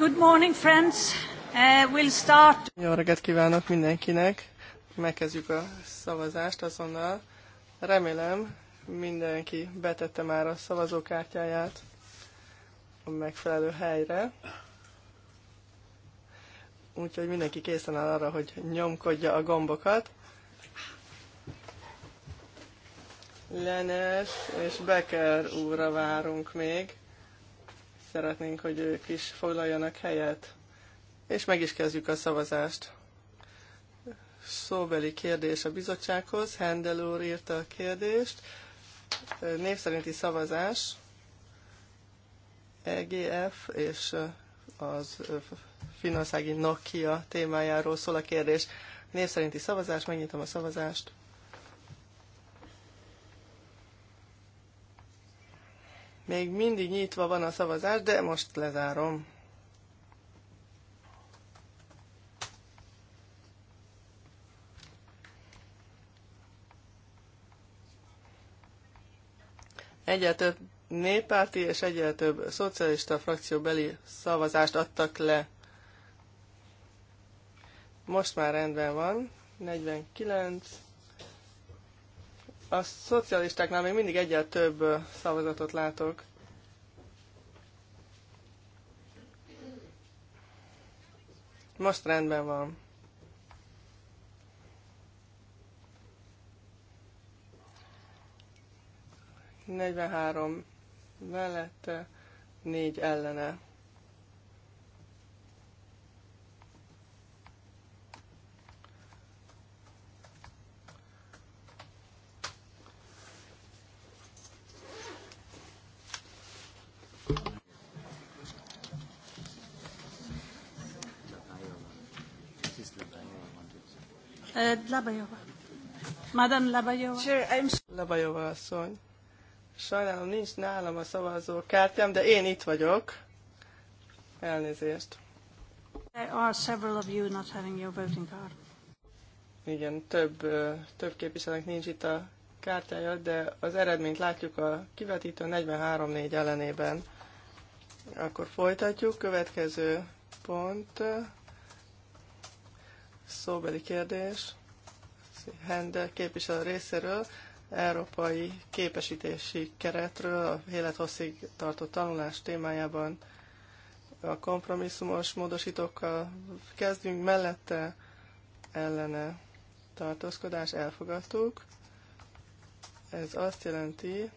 Good morning, friends. Uh, we'll start. Jó reggelt kívánok mindenkinek. Megkezdjük a szavazást azonnal. Remélem, mindenki betette már a szavazókártyáját a megfelelő helyre. Úgyhogy mindenki készen áll arra, hogy nyomkodja a gombokat. Lenes és Becker úrra várunk még. Szeretnénk, hogy ők is foglaljanak helyet. És meg is kezdjük a szavazást. Szóbeli kérdés a bizottsághoz. Hendel úr írta a kérdést. Név szerinti szavazás. EGF és az finanszági Nokia témájáról szól a kérdés. Név szerinti szavazás, megnyitom a szavazást. Még mindig nyitva van a szavazás, de most lezárom. Egyre több néppárti és egyre több szocialista frakcióbeli szavazást adtak le. Most már rendben van. 49, a szocialistáknál még mindig egyet több szavazatot látok. Most rendben van. Negyvenhárom mellette, négy ellene. Eh, Labajova. Madame Labajova. Sure, I'm... Labajova asszony. Sajnálom, nincs nálam a szavazókártyám, de én itt vagyok. Elnézést. There are several of you not having your voting card. Igen, több, több képviselőnek nincs itt a kártyája, de az eredményt látjuk a kivetítő 43-4 ellenében. Akkor folytatjuk. Következő pont szóbeli kérdés hende képviselő részéről, európai képesítési keretről, a élethosszig tartó tanulás témájában a kompromisszumos módosítókkal kezdünk, mellette ellene tartózkodás elfogadtuk. Ez azt jelenti,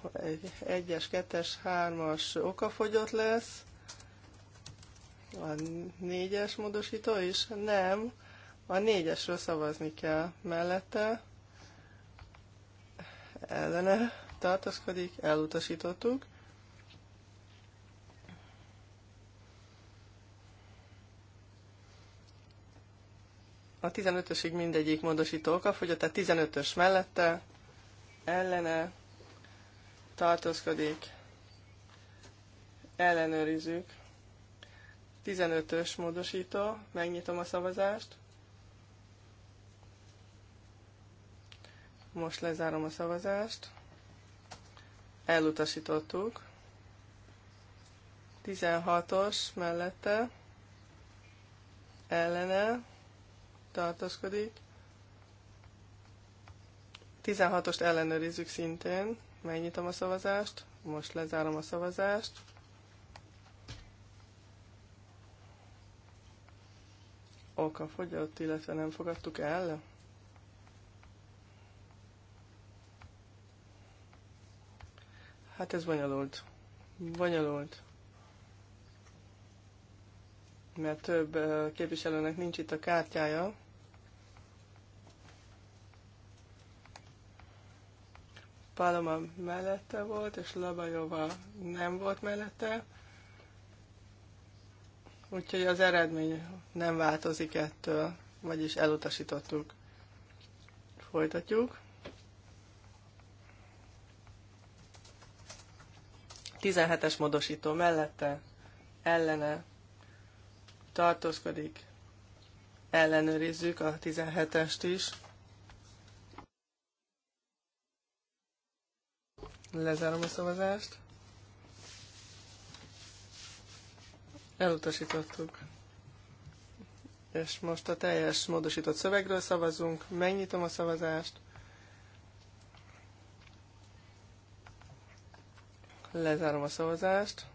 hogy egyes-kettes-hármas es okafogyott lesz, a négyes módosító is? Nem. A négyesről szavazni kell mellette. Ellene tartozkodik, elutasítottuk. A 15-ösig mindegyik módosító fogyott, tehát 15-ös mellette, ellene tartózkodik, ellenőrizzük. 15-ös módosító, megnyitom a szavazást. Most lezárom a szavazást. Elutasítottuk. 16-os mellette ellene Tartozkodik. 16-ost ellenőrizzük szintén. Megnyitom a szavazást. Most lezárom a szavazást. oka fogyott, illetve nem fogadtuk el. Hát ez bonyolult. Bonyolult. Mert több képviselőnek nincs itt a kártyája. Paloma mellette volt, és Labajova nem volt mellette. Úgyhogy az eredmény nem változik ettől, vagyis elutasítottuk. Folytatjuk. 17-es módosító mellette, ellene, tartózkodik, ellenőrizzük a 17-est is. Lezárom a szavazást. Elutasítottuk. És most a teljes módosított szövegről szavazunk. Megnyitom a szavazást. Lezárom a szavazást.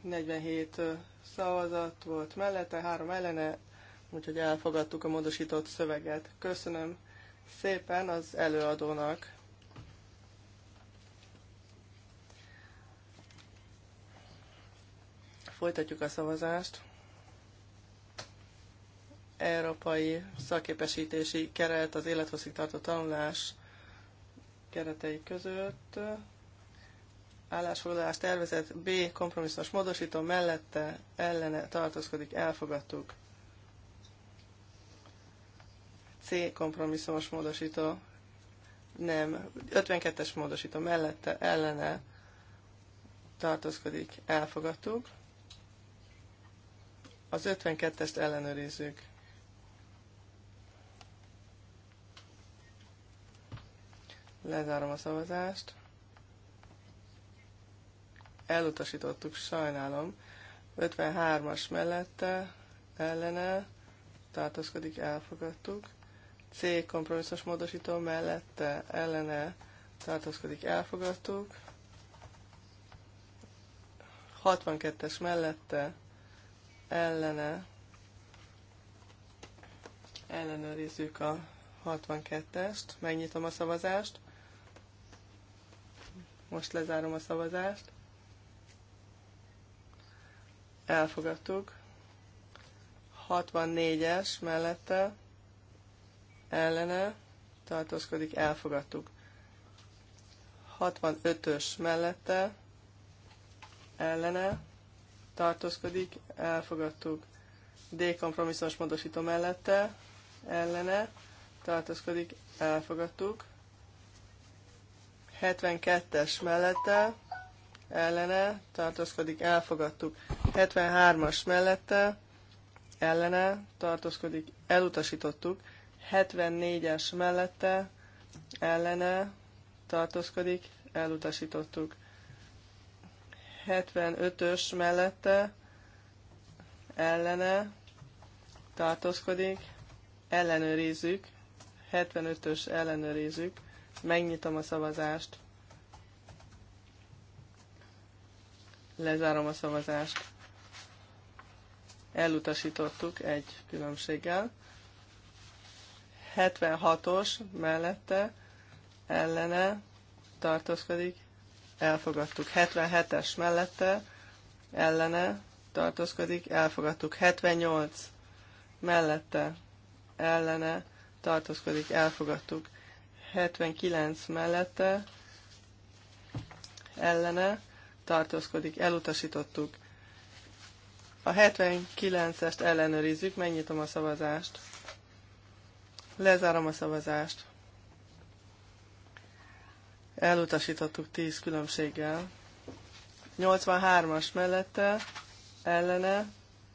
Negyvenhét szavazat volt mellette, három ellene, úgyhogy elfogadtuk a módosított szöveget. Köszönöm szépen az előadónak. Folytatjuk a szavazást. Európai szakképesítési keret az tartó tanulás keretei között. Állásfoglalás tervezet B kompromisszumos módosító mellette ellene tartózkodik, elfogadtuk. C kompromisszumos módosító, nem, 52-es módosító mellette, ellene tartózkodik, elfogadtuk. Az 52-est ellenőrizzük. Lezárom a szavazást. Elutasítottuk, sajnálom. 53-as mellette, ellene tartózkodik, elfogadtuk. C kompromisszos módosító mellette ellene tartózkodik, elfogadtuk. 62-es mellette ellene ellenőrizzük a 62-est, megnyitom a szavazást, most lezárom a szavazást, elfogadtuk, 64-es mellette ellene tartózkodik, elfogadtuk. 65-ös mellette ellene tartózkodik, elfogadtuk. D kompromisszumos módosító mellette ellene tartózkodik, elfogadtuk. 72-es mellette ellene tartózkodik, elfogadtuk. 73-as mellette ellene tartózkodik, elutasítottuk. 74-es mellette ellene tartózkodik, elutasítottuk. 75-ös mellette ellene tartózkodik, ellenőrizzük, 75-ös ellenőrizzük, megnyitom a szavazást, lezárom a szavazást, elutasítottuk egy különbséggel. 76-os mellette ellene tartózkodik, elfogadtuk. 77-es mellette ellene tartózkodik, elfogadtuk. 78 mellette ellene tartózkodik, elfogadtuk. 79 mellette ellene tartózkodik, elutasítottuk. A 79-est ellenőrizzük, megnyitom a szavazást. Lezárom a szavazást. Elutasítottuk 10 különbséggel. 83-as mellette ellene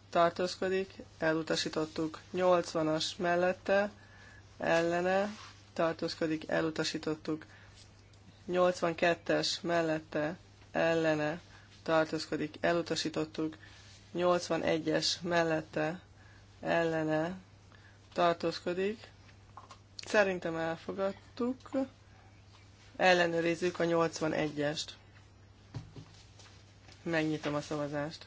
tartózkodik, elutasítottuk. 80-as mellette ellene tartózkodik, elutasítottuk. 82-es mellette ellene tartózkodik, elutasítottuk. 81-es mellette ellene tartózkodik, Szerintem elfogadtuk. Ellenőrizzük a 81-est. Megnyitom a szavazást.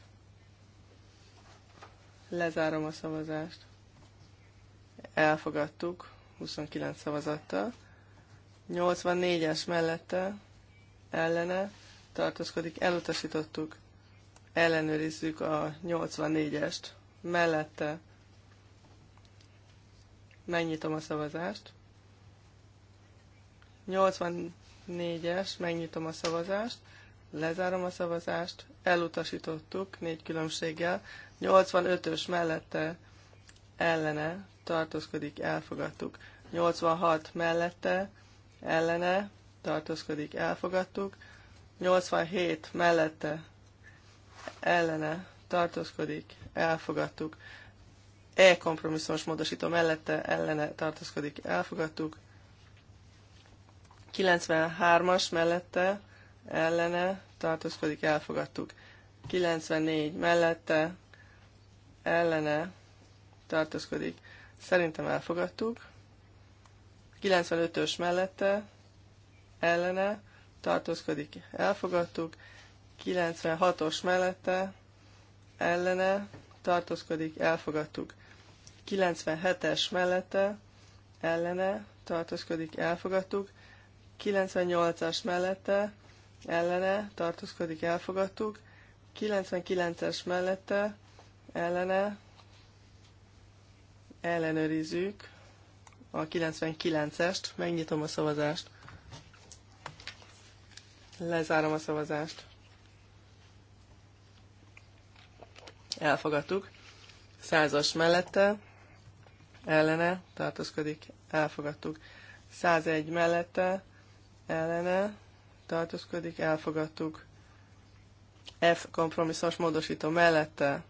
Lezárom a szavazást. Elfogadtuk 29 szavazattal. 84-es mellette ellene tartózkodik, elutasítottuk. Ellenőrizzük a 84-est. Mellette Megnyitom a szavazást. 84-es, megnyitom a szavazást, lezárom a szavazást, elutasítottuk négy különbséggel. 85-ös mellette ellene tartózkodik, elfogadtuk. 86 mellette ellene tartózkodik, elfogadtuk. 87 mellette ellene tartózkodik, elfogadtuk. E kompromisszumos módosító mellette ellene tartózkodik, elfogadtuk. 93-as mellette ellene tartózkodik, elfogadtuk. 94 mellette ellene tartózkodik, szerintem elfogadtuk. 95-ös mellette ellene tartózkodik, elfogadtuk. 96-os mellette ellene tartózkodik, elfogadtuk. 97-es mellette ellene tartózkodik, elfogadtuk. 98-as mellette ellene tartózkodik, elfogadtuk. 99-es mellette ellene ellenőrizzük a 99-est, megnyitom a szavazást. Lezárom a szavazást. Elfogadtuk. Százas mellette ellene tartózkodik, elfogadtuk. 101 mellette ellene tartózkodik, elfogadtuk. F kompromisszos módosító mellette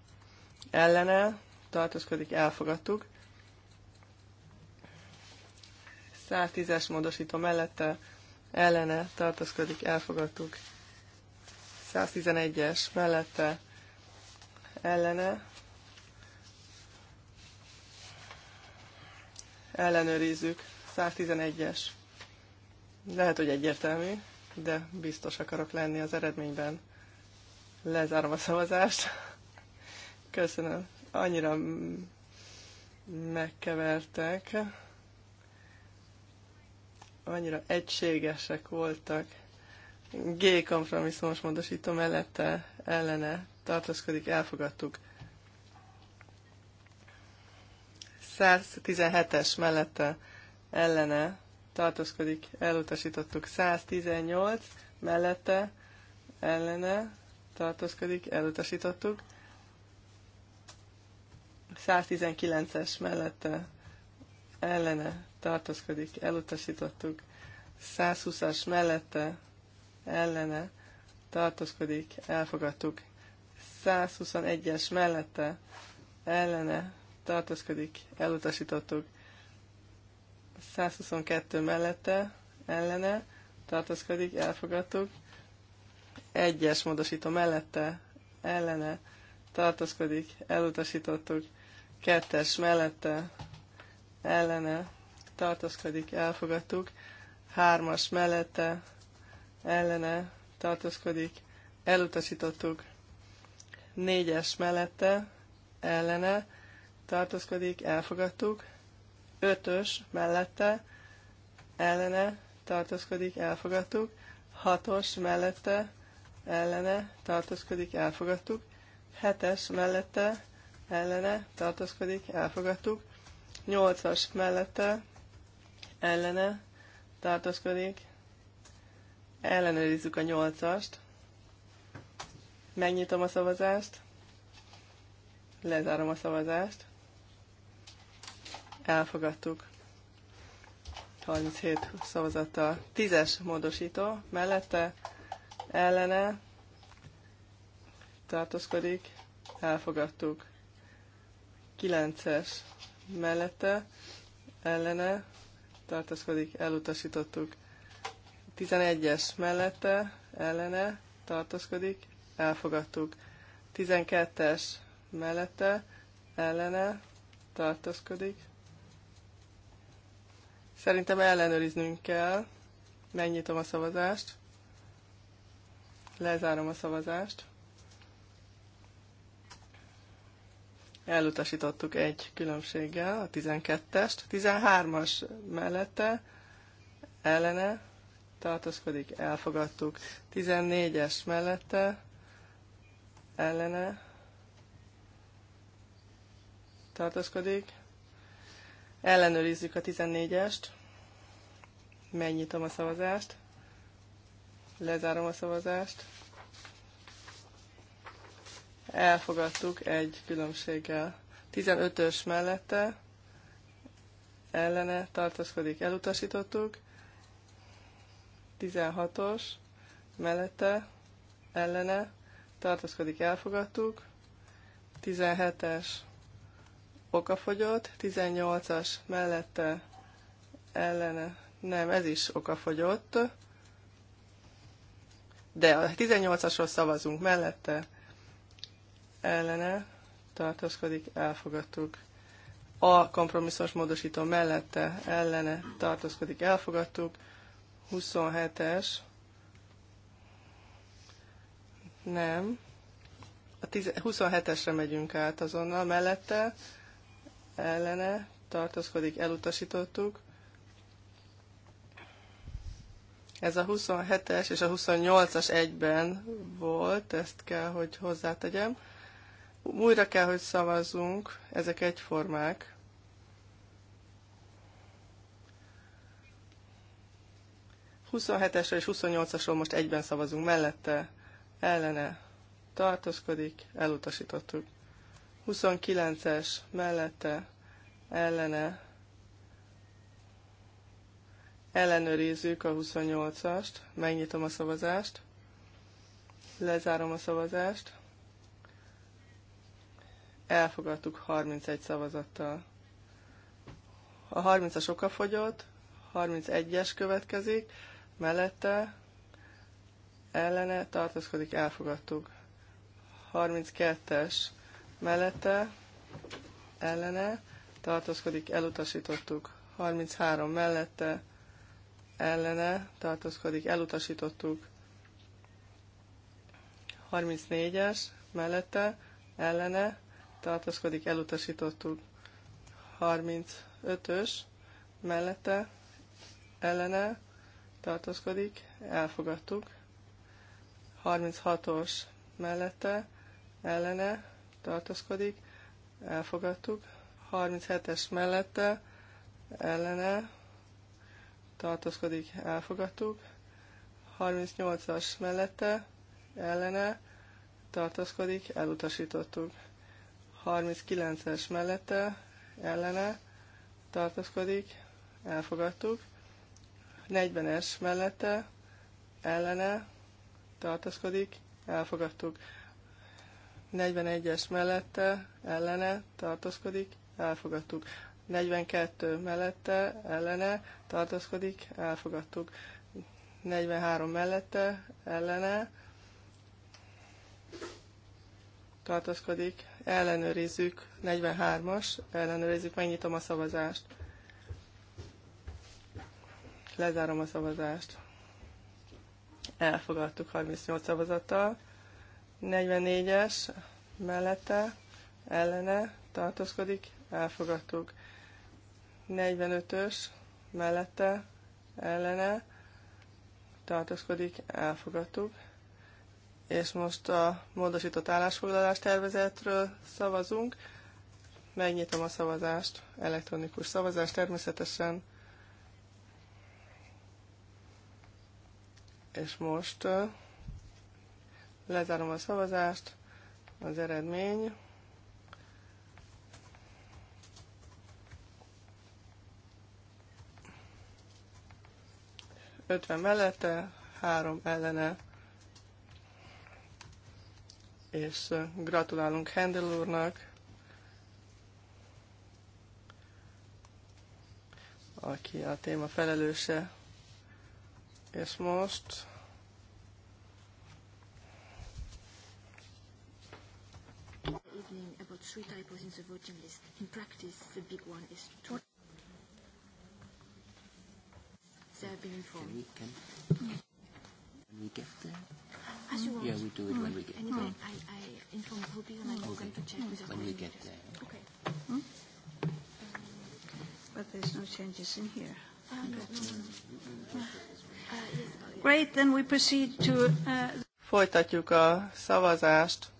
ellene tartózkodik, elfogadtuk. 110-es módosító mellette ellene tartózkodik, elfogadtuk. 111-es mellette ellene ellenőrizzük. 111-es. Lehet, hogy egyértelmű, de biztos akarok lenni az eredményben. Lezárom a szavazást. Köszönöm. Annyira megkevertek. Annyira egységesek voltak. G kompromisszumos módosító mellette ellene tartózkodik, elfogadtuk. 117-es mellette ellene tartózkodik, elutasítottuk 118 mellette ellene tartózkodik, elutasítottuk. 119-es mellette ellene tartózkodik, elutasítottuk. 120-as mellette ellene tartózkodik, elfogadtuk. 121-es mellette ellene tartózkodik, elutasítottuk. 122 mellette, ellene, tartózkodik, elfogadtuk. Egyes módosító mellette, ellene, tartózkodik, elutasítottuk. Kettes mellette, ellene, tartózkodik, elfogadtuk. Hármas mellette, ellene, tartózkodik, elutasítottuk. Négyes mellette, ellene, tartózkodik, elfogadtuk. Ötös mellette, ellene, tartózkodik, elfogadtuk. Hatos mellette, ellene, tartózkodik, elfogadtuk. Hetes mellette, ellene, tartózkodik, elfogadtuk. Nyolcas mellette, ellene, tartózkodik, ellenőrizzük a nyolcast. Megnyitom a szavazást. Lezárom a szavazást elfogadtuk. 37 szavazattal. Tízes módosító mellette ellene tartózkodik, elfogadtuk. Kilences mellette ellene tartózkodik, elutasítottuk. 11-es mellette ellene tartózkodik, elfogadtuk. 12-es mellette ellene tartózkodik, Szerintem ellenőriznünk kell. Megnyitom a szavazást. Lezárom a szavazást. Elutasítottuk egy különbséggel a 12-est. 13-as mellette ellene tartózkodik, elfogadtuk. 14-es mellette ellene tartózkodik, Ellenőrizzük a 14-est. Megnyitom a szavazást. Lezárom a szavazást. Elfogadtuk egy különbséggel. 15-ös mellette ellene tartózkodik, elutasítottuk. 16-os mellette ellene tartózkodik, elfogadtuk. 17-es okafogyott, 18-as mellette ellene, nem, ez is okafogyott, de a 18-asról szavazunk mellette, ellene tartózkodik, elfogadtuk. A kompromisszos módosító mellette, ellene tartózkodik, elfogadtuk. 27-es, nem, a 27-esre megyünk át azonnal mellette, ellene tartózkodik, elutasítottuk. Ez a 27-es és a 28-as egyben volt, ezt kell, hogy hozzátegyem. Újra kell, hogy szavazzunk, ezek egyformák. es és 28-asról most egyben szavazunk mellette, ellene tartózkodik, elutasítottuk. 29-es mellette ellene ellenőrizzük a 28-ast, megnyitom a szavazást, lezárom a szavazást, elfogadtuk 31 szavazattal. A 30-as fogyott, 31-es következik, mellette ellene tartozkodik, elfogadtuk. 32-es mellette, ellene, tartózkodik, elutasítottuk. 33 mellette, ellene, tartózkodik, elutasítottuk. 34-es mellette, ellene, tartózkodik, elutasítottuk. 35-ös mellette, ellene, tartózkodik, elfogadtuk. 36-os mellette, ellene, tartózkodik, elfogadtuk. 37-es mellette, ellene, tartózkodik, elfogadtuk. 38-as mellette, ellene, tartózkodik, elutasítottuk. 39-es mellette, ellene, tartózkodik, elfogadtuk. 40-es mellette, ellene, tartózkodik, elfogadtuk. 41-es mellette, ellene, tartózkodik, elfogadtuk. 42 mellette, ellene, tartózkodik, elfogadtuk. 43 mellette, ellene, tartózkodik, ellenőrizzük, 43-as, ellenőrizzük, megnyitom a szavazást. Lezárom a szavazást. Elfogadtuk 38 szavazattal. 44-es mellette ellene tartózkodik, elfogadtuk. 45-ös mellette ellene tartózkodik, elfogadtuk. És most a módosított állásfoglalás tervezetről szavazunk. Megnyitom a szavazást, elektronikus szavazást természetesen. És most Lezárom a szavazást. Az eredmény. Ötven mellette, három ellene, és gratulálunk Hendel úrnak, aki a téma felelőse. És most about three typos in the voting list. In practice, the big one is 20. They have been informed. Can we, can, can we get there? As you want. Yeah, we do it mm. when we get there. Anyway, I, I inform Ruby and I'm okay. going to check mm. with the When we get there. Okay. Hmm? But there's no changes in here. Uh, mm-hmm. uh, oh, Great, then we proceed to... Uh, Folytatjuk a szavazást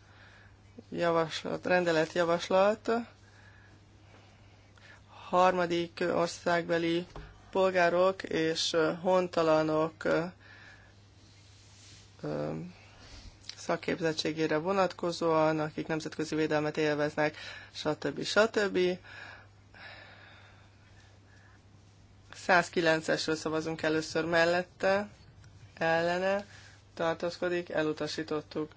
javaslat, rendelet javaslat harmadik országbeli polgárok és hontalanok szakképzettségére vonatkozóan, akik nemzetközi védelmet élveznek, stb. stb. 109-esről szavazunk először mellette, ellene, tartózkodik, elutasítottuk.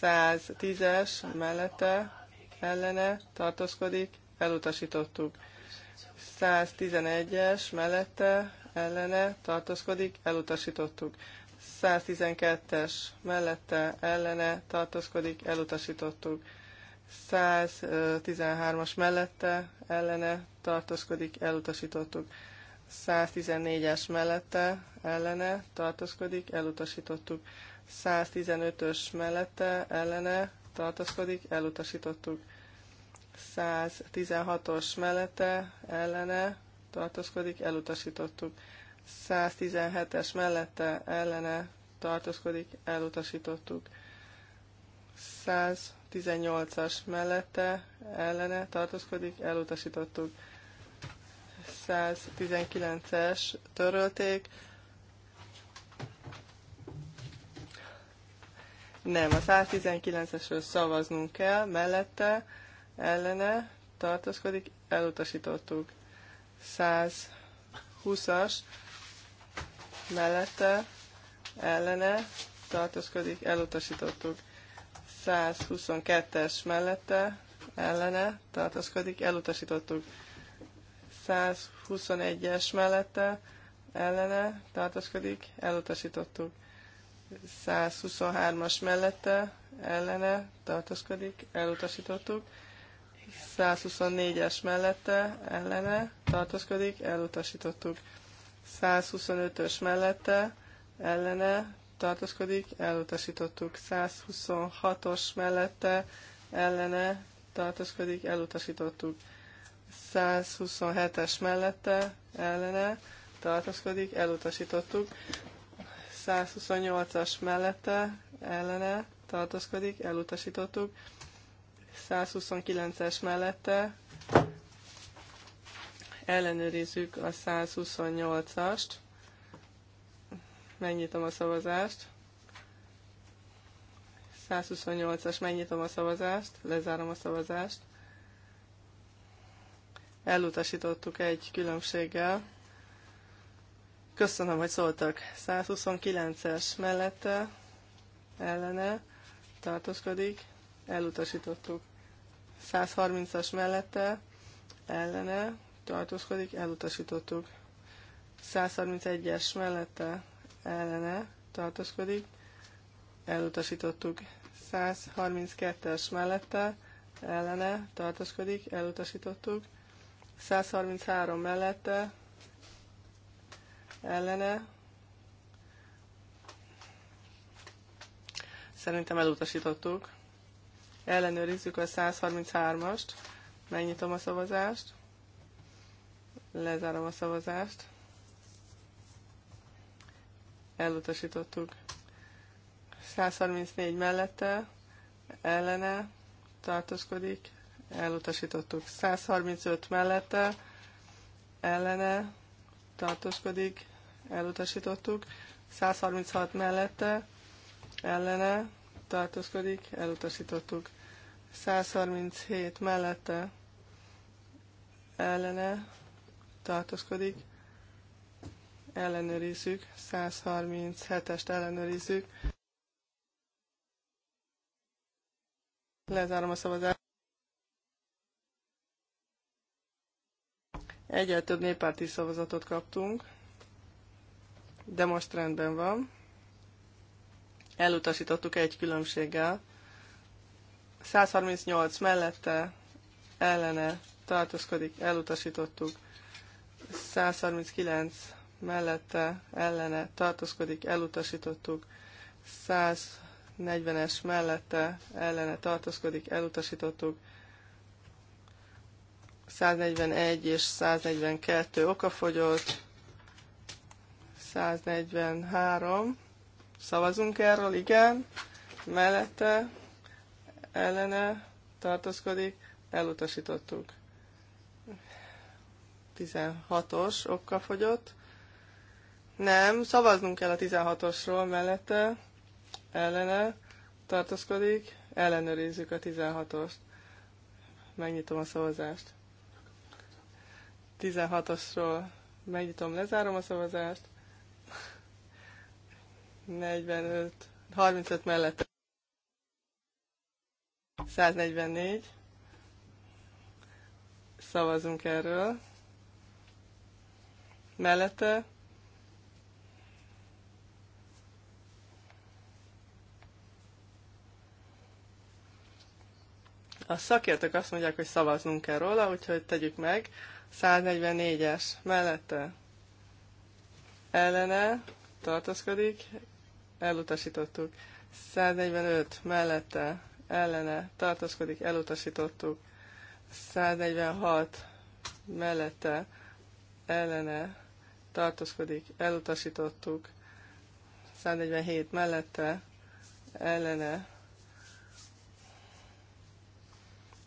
110-es mellette ellene tartózkodik, elutasítottuk. 111-es mellette ellene tartózkodik, elutasítottuk. 112-es mellette ellene tartózkodik, elutasítottuk. 113-as mellette ellene tartózkodik, elutasítottuk. 114-es mellette ellene tartózkodik, elutasítottuk. 115-ös mellette ellene tartózkodik, elutasítottuk. 116-os mellette ellene tartózkodik, elutasítottuk. 117-es mellette ellene tartózkodik, elutasítottuk. 118-as mellette ellene tartózkodik, elutasítottuk. 119-es törölték, Nem, a 119-esről szavaznunk kell, mellette, ellene, tartozkodik, elutasítottuk. 120-as, mellette, ellene, tartozkodik, elutasítottuk. 122-es mellette, ellene, tartozkodik, elutasítottuk. 121-es mellette, ellene, tartozkodik, elutasítottuk. 123-as mellette ellene tartózkodik, elutasítottuk. 124-es mellette ellene tartózkodik, elutasítottuk. 125-ös mellette ellene tartózkodik, elutasítottuk. 126-os mellette ellene tartózkodik, elutasítottuk. 127-es mellette ellene tartózkodik, elutasítottuk. 128-as mellette ellene tartózkodik, elutasítottuk. 129-es mellette ellenőrizzük a 128-ast. Megnyitom a szavazást. 128-as, megnyitom a szavazást, lezárom a szavazást. Elutasítottuk egy különbséggel. Köszönöm, hogy szóltak. 129-es mellette, ellene, tartózkodik, elutasítottuk. 130-as mellette, ellene, tartózkodik, elutasítottuk. 131-es mellette, ellene, tartózkodik, elutasítottuk. 132-es mellette, ellene, tartózkodik, elutasítottuk. 133 mellette, ellene. Szerintem elutasítottuk. Ellenőrizzük a 133-ast. Megnyitom a szavazást. Lezárom a szavazást. Elutasítottuk. 134 mellette, ellene, tartózkodik, elutasítottuk. 135 mellette, ellene, tartózkodik, elutasítottuk, 136 mellette, ellene, tartózkodik, elutasítottuk, 137 mellette, ellene, tartózkodik, ellenőrizzük, 137-est ellenőrizzük, lezárom a szavazást. Egyel több néppárti szavazatot kaptunk de most rendben van. Elutasítottuk egy különbséggel. 138 mellette ellene tartózkodik, elutasítottuk. 139 mellette ellene tartózkodik, elutasítottuk. 140-es mellette ellene tartózkodik, elutasítottuk. 141 és 142 okafogyott, 143. Szavazunk erről, igen. Mellette, ellene tartozkodik. elutasítottuk. 16-os okka fogyott. Nem, szavaznunk kell a 16-osról mellette, ellene tartozkodik. ellenőrizzük a 16-ost. Megnyitom a szavazást. 16-osról megnyitom, lezárom a szavazást. 45, 35 mellette. 144. Szavazunk erről. Mellette. A szakértők azt mondják, hogy szavaznunk kell róla, úgyhogy tegyük meg. 144-es mellette ellene tartozkodik, elutasítottuk. 145 mellette ellene tartózkodik, elutasítottuk. 146 mellette ellene tartózkodik, elutasítottuk. 147 mellette ellene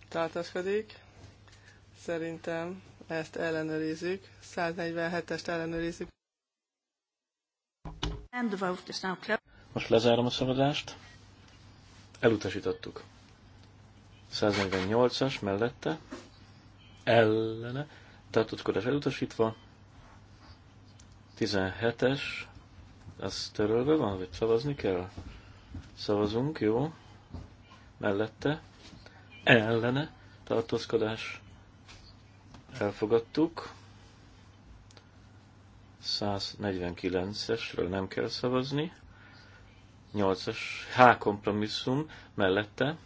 tartózkodik. Szerintem ezt ellenőrizzük. 147-est ellenőrizzük. And the vote is now closed. Most lezárom a szavazást. Elutasítottuk. 148-as mellette, ellene, tartózkodás elutasítva, 17-es, az törölve van, hogy szavazni kell? Szavazunk, jó. Mellette, ellene, tartózkodás elfogadtuk. 149-esről nem kell szavazni. 8-as H kompromisszum mellette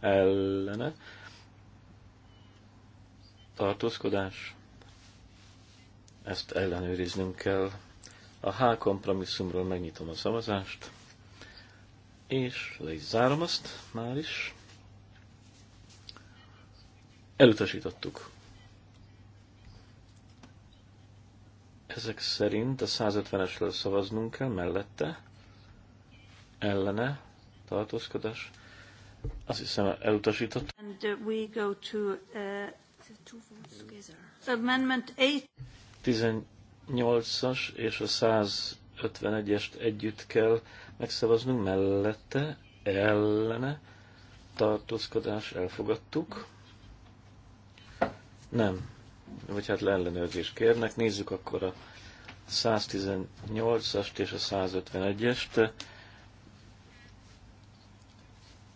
ellene tartózkodás. Ezt ellenőriznünk kell. A H kompromisszumról megnyitom a szavazást, és le is zárom azt már is. Elutasítottuk. Ezek szerint a 150-esről szavaznunk kell mellette, ellene tartózkodás. Azt hiszem elutasított. And uh, we go to uh, Amendment 8. 18-as és a 151-est együtt kell megszavaznunk mellette, ellene tartózkodás elfogadtuk. Nem. Vagy hát leellenőrzést kérnek. Nézzük akkor a 118-ast és a 151-est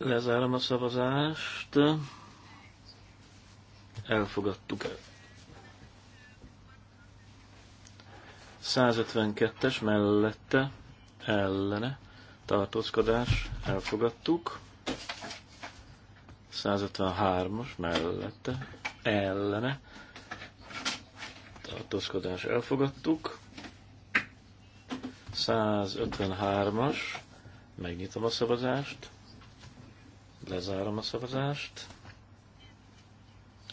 Lezárom a szavazást. Elfogadtuk el. 152-es mellette ellene tartózkodás elfogadtuk. 153 os mellette ellene tartózkodás elfogadtuk. 153-as megnyitom a szavazást. Lezárom a szavazást.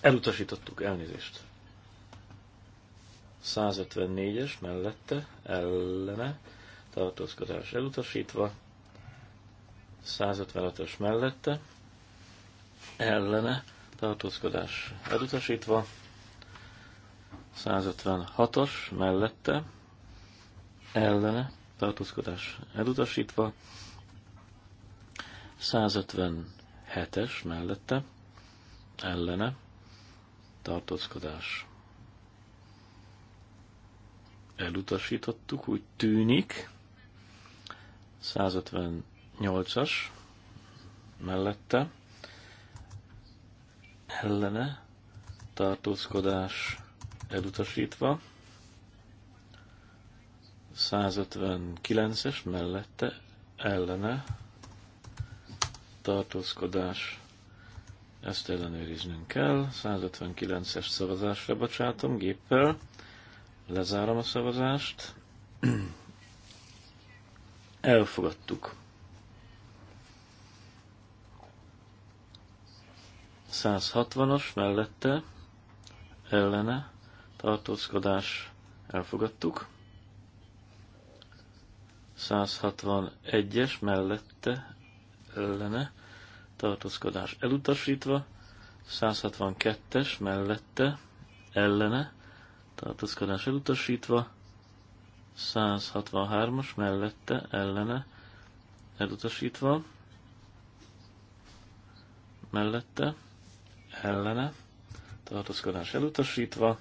Elutasítottuk, elnézést. 154-es mellette, ellene, tartózkodás elutasítva. 155-ös mellette, ellene, tartózkodás elutasítva. 156-os mellette, ellene, tartózkodás elutasítva. 157 hetes mellette, ellene, tartózkodás. Elutasítottuk, úgy tűnik. 158-as mellette, ellene, tartózkodás elutasítva. 159-es mellette, ellene, tartózkodás, ezt ellenőriznünk kell. 159-es szavazásra bocsátom géppel. Lezárom a szavazást. Elfogadtuk. 160 os mellette, ellene, tartózkodás, elfogadtuk. 161-es mellette, ellene, tartózkodás elutasítva, 162-es mellette, ellene, tartózkodás elutasítva, 163-as mellette, ellene, elutasítva, mellette, ellene, tartózkodás elutasítva,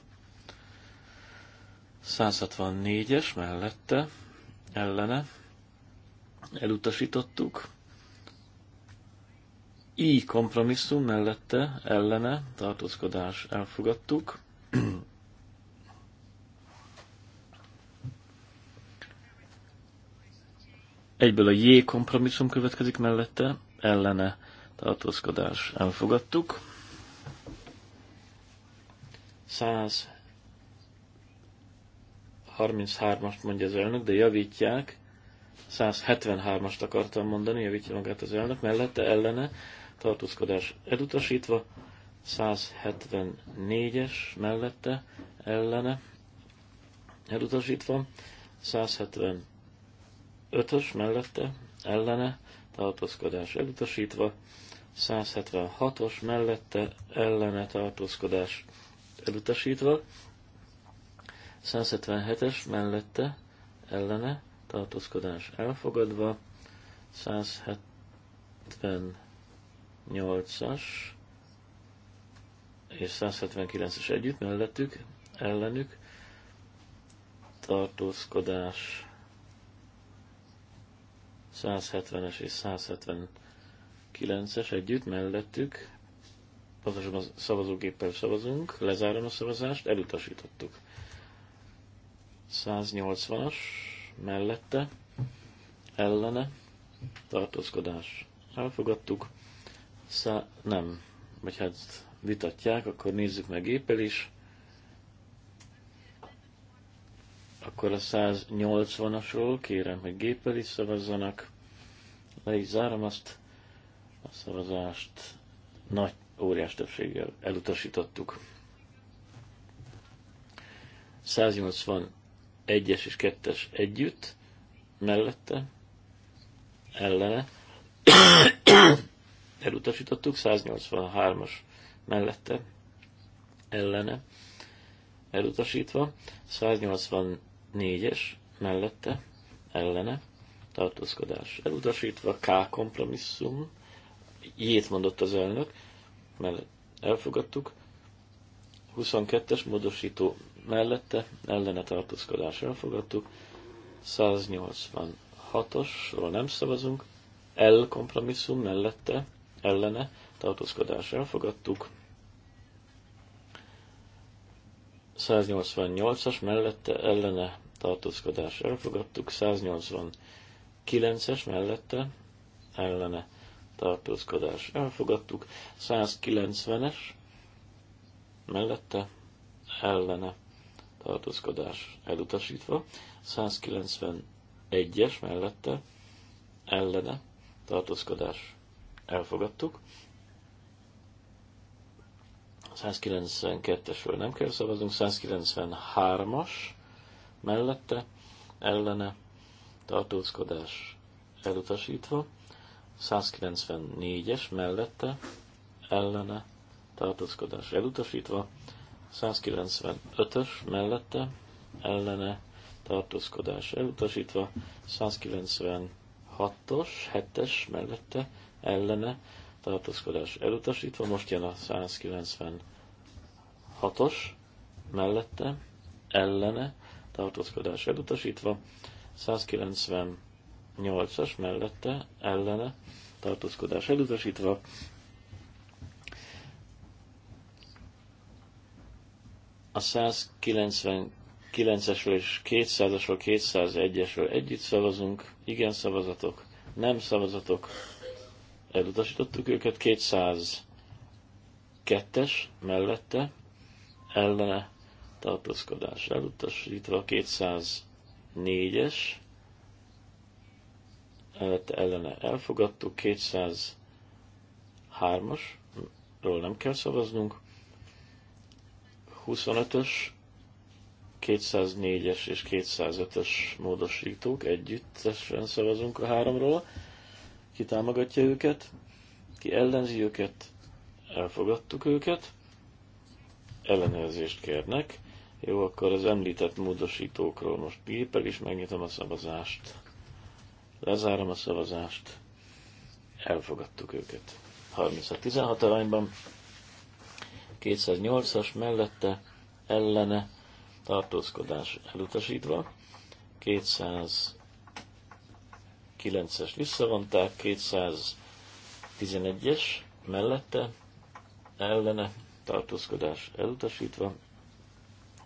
164-es mellette, ellene, elutasítottuk, I kompromisszum mellette, ellene, tartózkodás elfogadtuk. Egyből a J kompromisszum következik mellette, ellene, tartózkodás elfogadtuk. 133-ast mondja az elnök, de javítják. 173-ast akartam mondani, javítja magát az elnök, mellette, ellene, tartózkodás elutasítva, 174-es mellette, ellene, elutasítva, 175-ös mellette, ellene, tartózkodás elutasítva, 176-os mellette, ellene, tartózkodás elutasítva, 177-es mellette, ellene, tartózkodás elfogadva, 170 8-as és 179-es együtt mellettük, ellenük tartózkodás 170-es és 179-es együtt mellettük, pontosan a szavazógéppel szavazunk, lezárom a szavazást, elutasítottuk. 180-as mellette, ellene, tartózkodás elfogadtuk szá... nem, vagy hát vitatják, akkor nézzük meg éppel is. Akkor a 180-asról kérem, hogy géppel is szavazzanak. Le is zárom azt a szavazást. Nagy, óriás többséggel elutasítottuk. 181-es és 2-es együtt, mellette, ellene elutasítottuk, 183-as mellette ellene elutasítva, 184-es mellette ellene tartózkodás elutasítva, K kompromisszum, jét mondott az elnök, mellett elfogadtuk, 22-es módosító mellette ellene tartózkodás elfogadtuk, 186-osról nem szavazunk, L kompromisszum mellette ellene tartózkodás elfogadtuk. 188-as mellette ellene tartózkodás elfogadtuk, 189-es mellette ellene tartózkodás elfogadtuk, 190-es mellette ellene tartózkodás elutasítva, 191-es mellette ellene tartózkodás elfogadtuk. 192-esről nem kell szavazunk, 193-as mellette ellene tartózkodás elutasítva, 194-es mellette ellene tartózkodás elutasítva, 195-ös mellette ellene tartózkodás elutasítva, 196-os, 7-es mellette ellene tartózkodás elutasítva. Most jön a 196-os mellette ellene tartózkodás elutasítva. 198-as mellette ellene tartózkodás elutasítva. A 199-esről és 200 esről 201-esről együtt szavazunk, igen szavazatok, nem szavazatok, elutasítottuk őket, 202-es mellette ellene tartózkodás elutasítva, 204-es mellette ellene elfogadtuk, 203 ról nem kell szavaznunk, 25-ös, 204-es és 205-ös módosítók együttesen szavazunk a háromról, ki támogatja őket, ki ellenzi őket, elfogadtuk őket, ellenőrzést kérnek. Jó, akkor az említett módosítókról most gépel is megnyitom a szavazást. Lezárom a szavazást. Elfogadtuk őket. 36-16 arányban. 208-as mellette ellene tartózkodás elutasítva. 200 9-es visszavonták, 211-es mellette, ellene, tartózkodás elutasítva,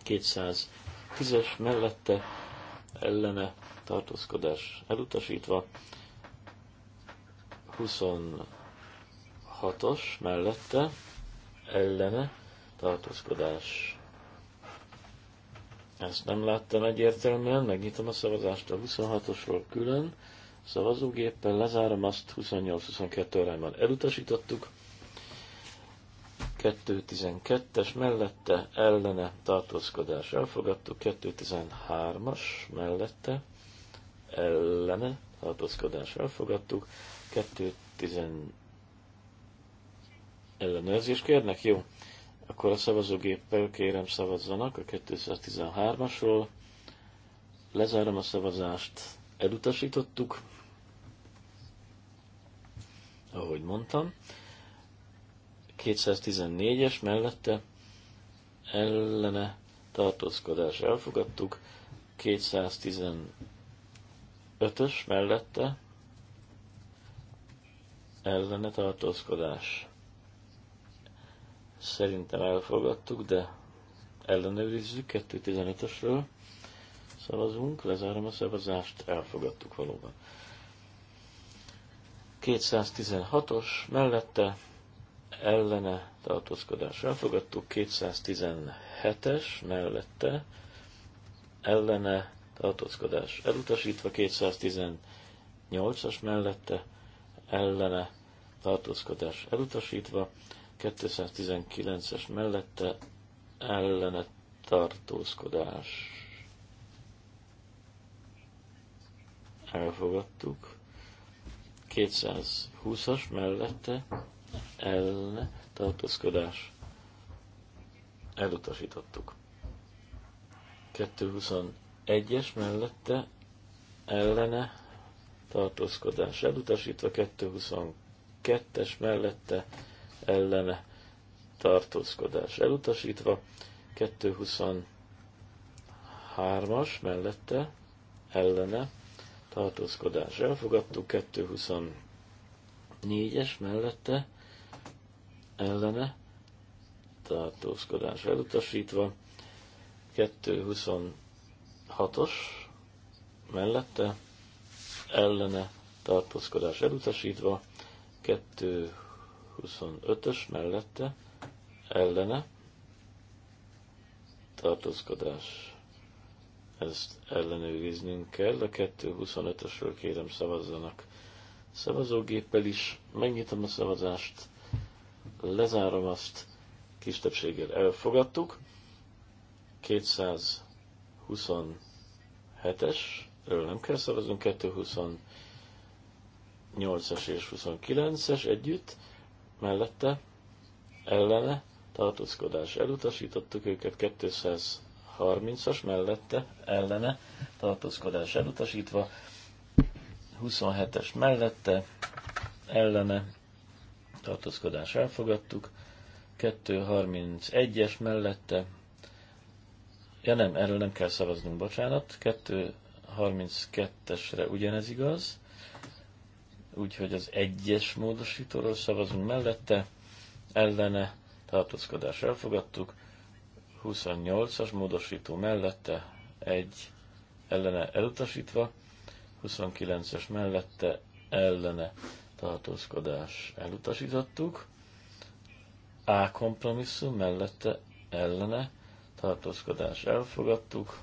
210-es mellette, ellene, tartózkodás elutasítva, 26-os mellette, ellene, tartózkodás ezt nem láttam egyértelműen, megnyitom a szavazást a 26-osról külön szavazógéppel, lezárom azt, 28-22 már elutasítottuk. 2.12-es mellette ellene tartózkodás elfogadtuk, 2.13-as mellette ellene tartózkodás elfogadtuk, 2.10 ellenőrzés kérnek? Jó. Akkor a szavazógéppel kérem szavazzanak a 213-asról. Lezárom a szavazást. Elutasítottuk ahogy mondtam. 214-es mellette ellene tartózkodás elfogadtuk, 215-ös mellette ellene tartózkodás. Szerintem elfogadtuk, de ellenőrizzük, 215-ösről szavazunk, lezárom a szavazást, elfogadtuk valóban. 216-os mellette ellene tartózkodás elfogadtuk, 217-es mellette ellene tartózkodás elutasítva, 218-as mellette ellene tartózkodás elutasítva, 219-es mellette ellene tartózkodás elfogadtuk. 220-as mellette ellene tartózkodás elutasítottuk. 221-es mellette ellene tartózkodás elutasítva, 222-es mellette ellene tartózkodás elutasítva, 223-as mellette ellene tartózkodás elfogadtuk, 224-es mellette ellene tartózkodás elutasítva, 226-os mellette ellene tartózkodás elutasítva, 225-ös mellette ellene tartózkodás ezt ellenőriznünk kell. A 2.25-ösről kérem szavazzanak szavazógéppel is. Megnyitom a szavazást, lezárom azt, kis többséggel elfogadtuk. 227 es erről nem kell szavazunk, 228 es és 29-es együtt, mellette, ellene, tartózkodás elutasítottuk őket, 200 30-as mellette ellene tartózkodás elutasítva, 27-es mellette ellene tartózkodás elfogadtuk, 231-es mellette, ja nem, erről nem kell szavaznunk, bocsánat, 232-esre ugyanez igaz, úgyhogy az egyes módosítóról szavazunk mellette, ellene tartózkodás elfogadtuk, 28-as módosító mellette egy ellene elutasítva, 29-es mellette ellene tartózkodás elutasítottuk, A kompromisszum mellette ellene tartózkodás elfogadtuk,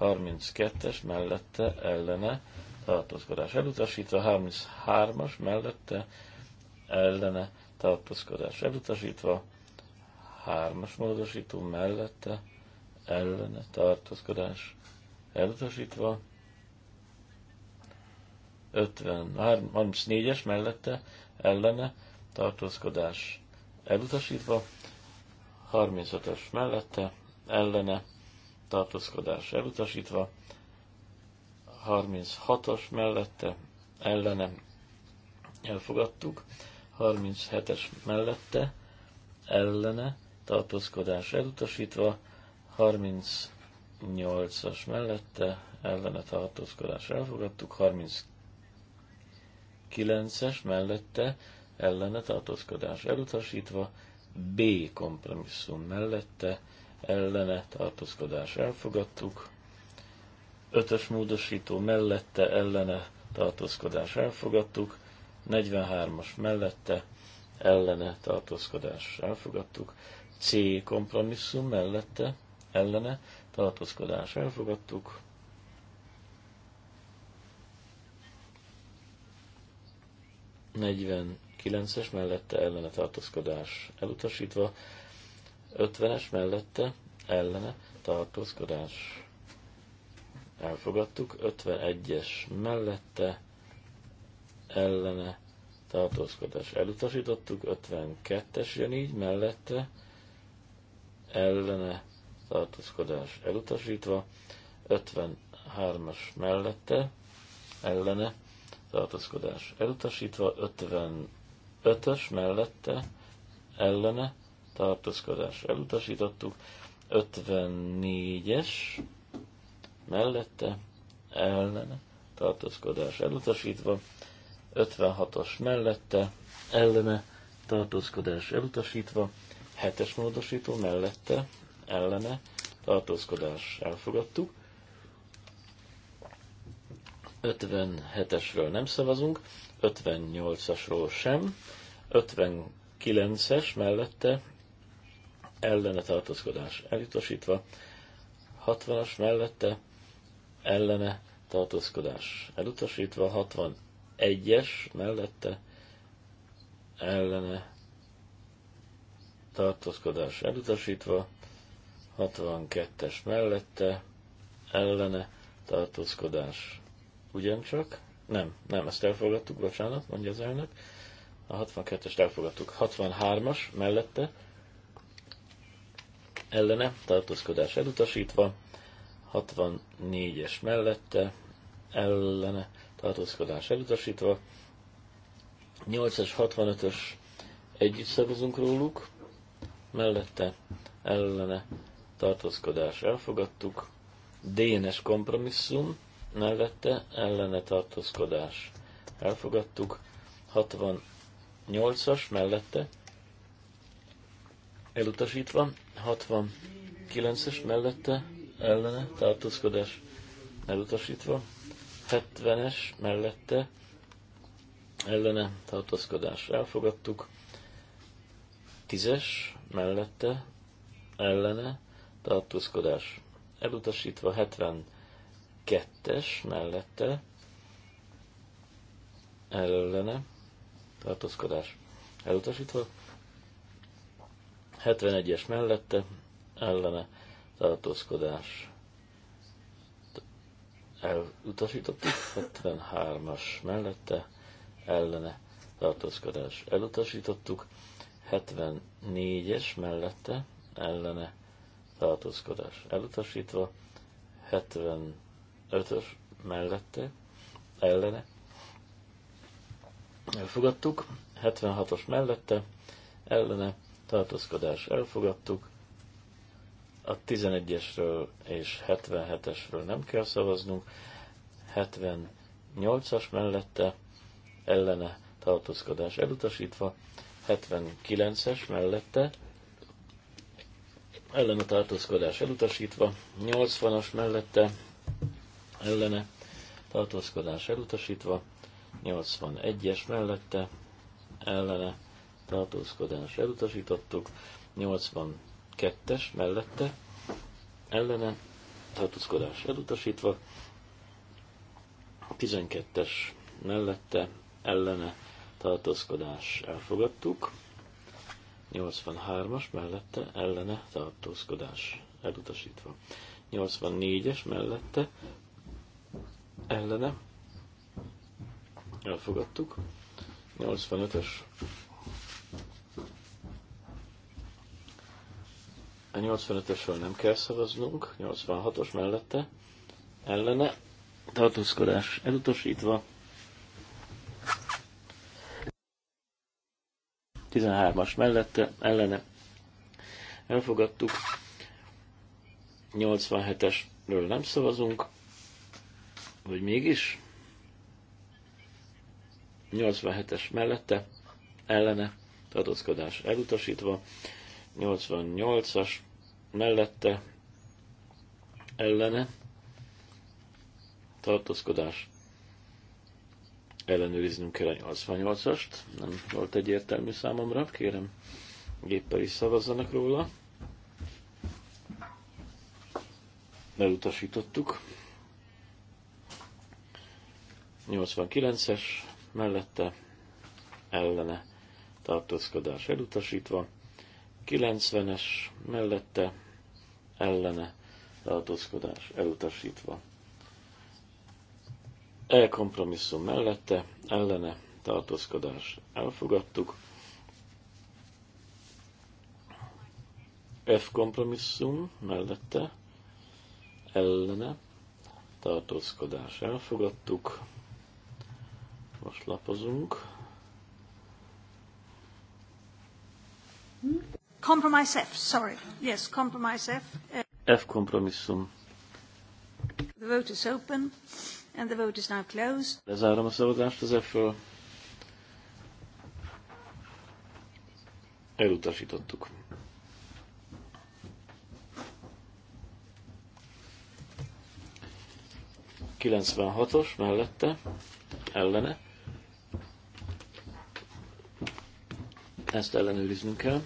32-es mellette ellene tartózkodás elutasítva, 33-as mellette ellene tartózkodás elutasítva, hármas módosító mellette ellene tartózkodás elutasítva, 53, 34-es mellette ellene tartózkodás elutasítva, 35-ös mellette ellene tartózkodás elutasítva, 36-os mellette ellene elfogadtuk, 37-es mellette ellene tartózkodás elutasítva, 38-as mellette ellene tartózkodás elfogadtuk, 39-es mellette ellene tartózkodás elutasítva, B kompromisszum mellette ellene tartózkodás elfogadtuk, 5-ös módosító mellette ellene tartózkodás elfogadtuk, 43-as mellette ellene tartózkodás elfogadtuk, C kompromisszum mellette, ellene, tartózkodás elfogadtuk. Negyven 9-es mellette ellene tartózkodás elutasítva, 50-es mellette ellene tartózkodás elfogadtuk, 51-es mellette ellene tartózkodás elutasítottuk, 52-es jön így mellette ellene tartózkodás elutasítva, 53-as mellette ellene tartózkodás elutasítva, 55-ös mellette ellene tartózkodás elutasítottuk, 54-es mellette ellene tartózkodás elutasítva, 56-os mellette ellene tartózkodás elutasítva, Hetes módosító mellette, ellene, tartózkodás elfogadtuk. 57-esről nem szavazunk, 58-asról sem, 59-es mellette ellene tartózkodás elutasítva, 60-as mellette ellene tartózkodás elutasítva, 61-es mellette ellene tartózkodás elutasítva, 62-es mellette, ellene, tartózkodás ugyancsak, nem, nem, ezt elfogadtuk, bocsánat, mondja az elnök, a 62-est elfogadtuk, 63-as mellette, ellene, tartózkodás elutasítva, 64-es mellette, ellene, tartózkodás elutasítva, 8-es, 65-ös együtt szavazunk róluk, mellette ellene tartózkodás elfogadtuk, dénes kompromisszum mellette ellene tartózkodás elfogadtuk, 68-as mellette elutasítva, 69-es mellette ellene tartózkodás elutasítva, 70-es mellette ellene tartózkodás elfogadtuk, Tízes mellette ellene tartózkodás elutasítva 72-es mellette ellene tartózkodás elutasítva 71-es mellette ellene tartózkodás elutasítottuk, 73-as mellette ellene tartózkodás elutasítottuk, 74-es mellette ellene tartózkodás elutasítva, 75-ös mellette ellene elfogadtuk, 76-os mellette ellene tartózkodás elfogadtuk, a 11-esről és 77-esről nem kell szavaznunk, 78-as mellette ellene tartózkodás elutasítva, 79-es mellette, ellene tartózkodás elutasítva, 80-as mellette, ellene tartózkodás elutasítva, 81-es mellette, ellene tartózkodás elutasítottuk, 82-es mellette, ellene tartózkodás elutasítva, 12-es mellette, ellene tartózkodás elfogadtuk. 83-as mellette ellene tartózkodás elutasítva. 84-es mellette ellene elfogadtuk. 85-ös a 85-ösről nem kell szavaznunk, 86-os mellette ellene tartózkodás elutasítva. 13-as mellette, ellene elfogadtuk. 87-esről nem szavazunk, vagy mégis? 87-es mellette, ellene, tartózkodás elutasítva, 88-as mellette, ellene, tartózkodás ellenőriznünk kell egy 88-ast, nem volt egyértelmű számomra, kérem géppel is szavazzanak róla. Elutasítottuk. 89-es mellette ellene tartózkodás elutasítva, 90-es mellette ellene tartózkodás elutasítva. E kompromisszum mellette, ellene tartózkodás elfogadtuk. F kompromisszum mellette, ellene tartózkodás elfogadtuk. Most lapozunk. Compromise F, sorry. Yes, compromise F. F kompromisszum. The vote is open. And the vote is now closed. Lezárom a szavazást az F-ről. Elutasítottuk. os mellette, ellene. Ezt ellenőriznünk kell.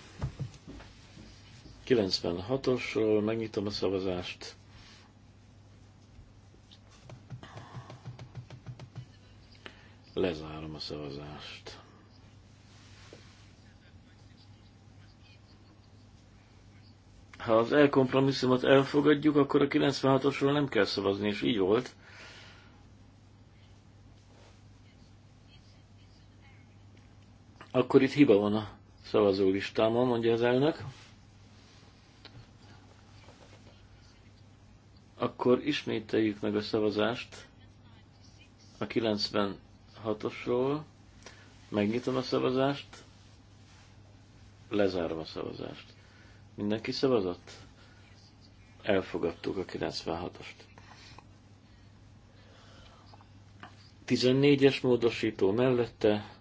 96-osról megnyitom a szavazást. a szavazást. Ha az elkompromisszumot elfogadjuk, akkor a 96-osról nem kell szavazni, és így volt. Akkor itt hiba van a szavazólistámon, mondja az elnök. Akkor ismételjük meg a szavazást a hatosról. Megnyitom a szavazást, lezárom a szavazást. Mindenki szavazott? Elfogadtuk a 96-ost. 14-es módosító mellette,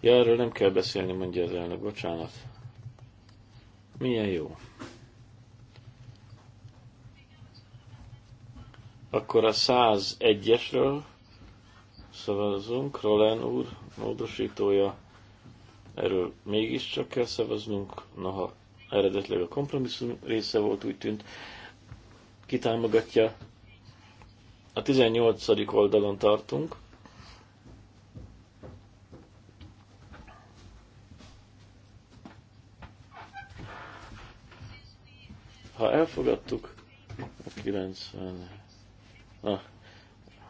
ja, erről nem kell beszélni, mondja az elnök, bocsánat. Milyen jó. Akkor a 101-esről szavazunk. Rolán úr módosítója. Erről mégiscsak kell szavaznunk. Noha eredetileg a kompromisszum része volt, úgy tűnt. Kitámogatja. A 18. oldalon tartunk. Ha elfogadtuk, a 90... Na,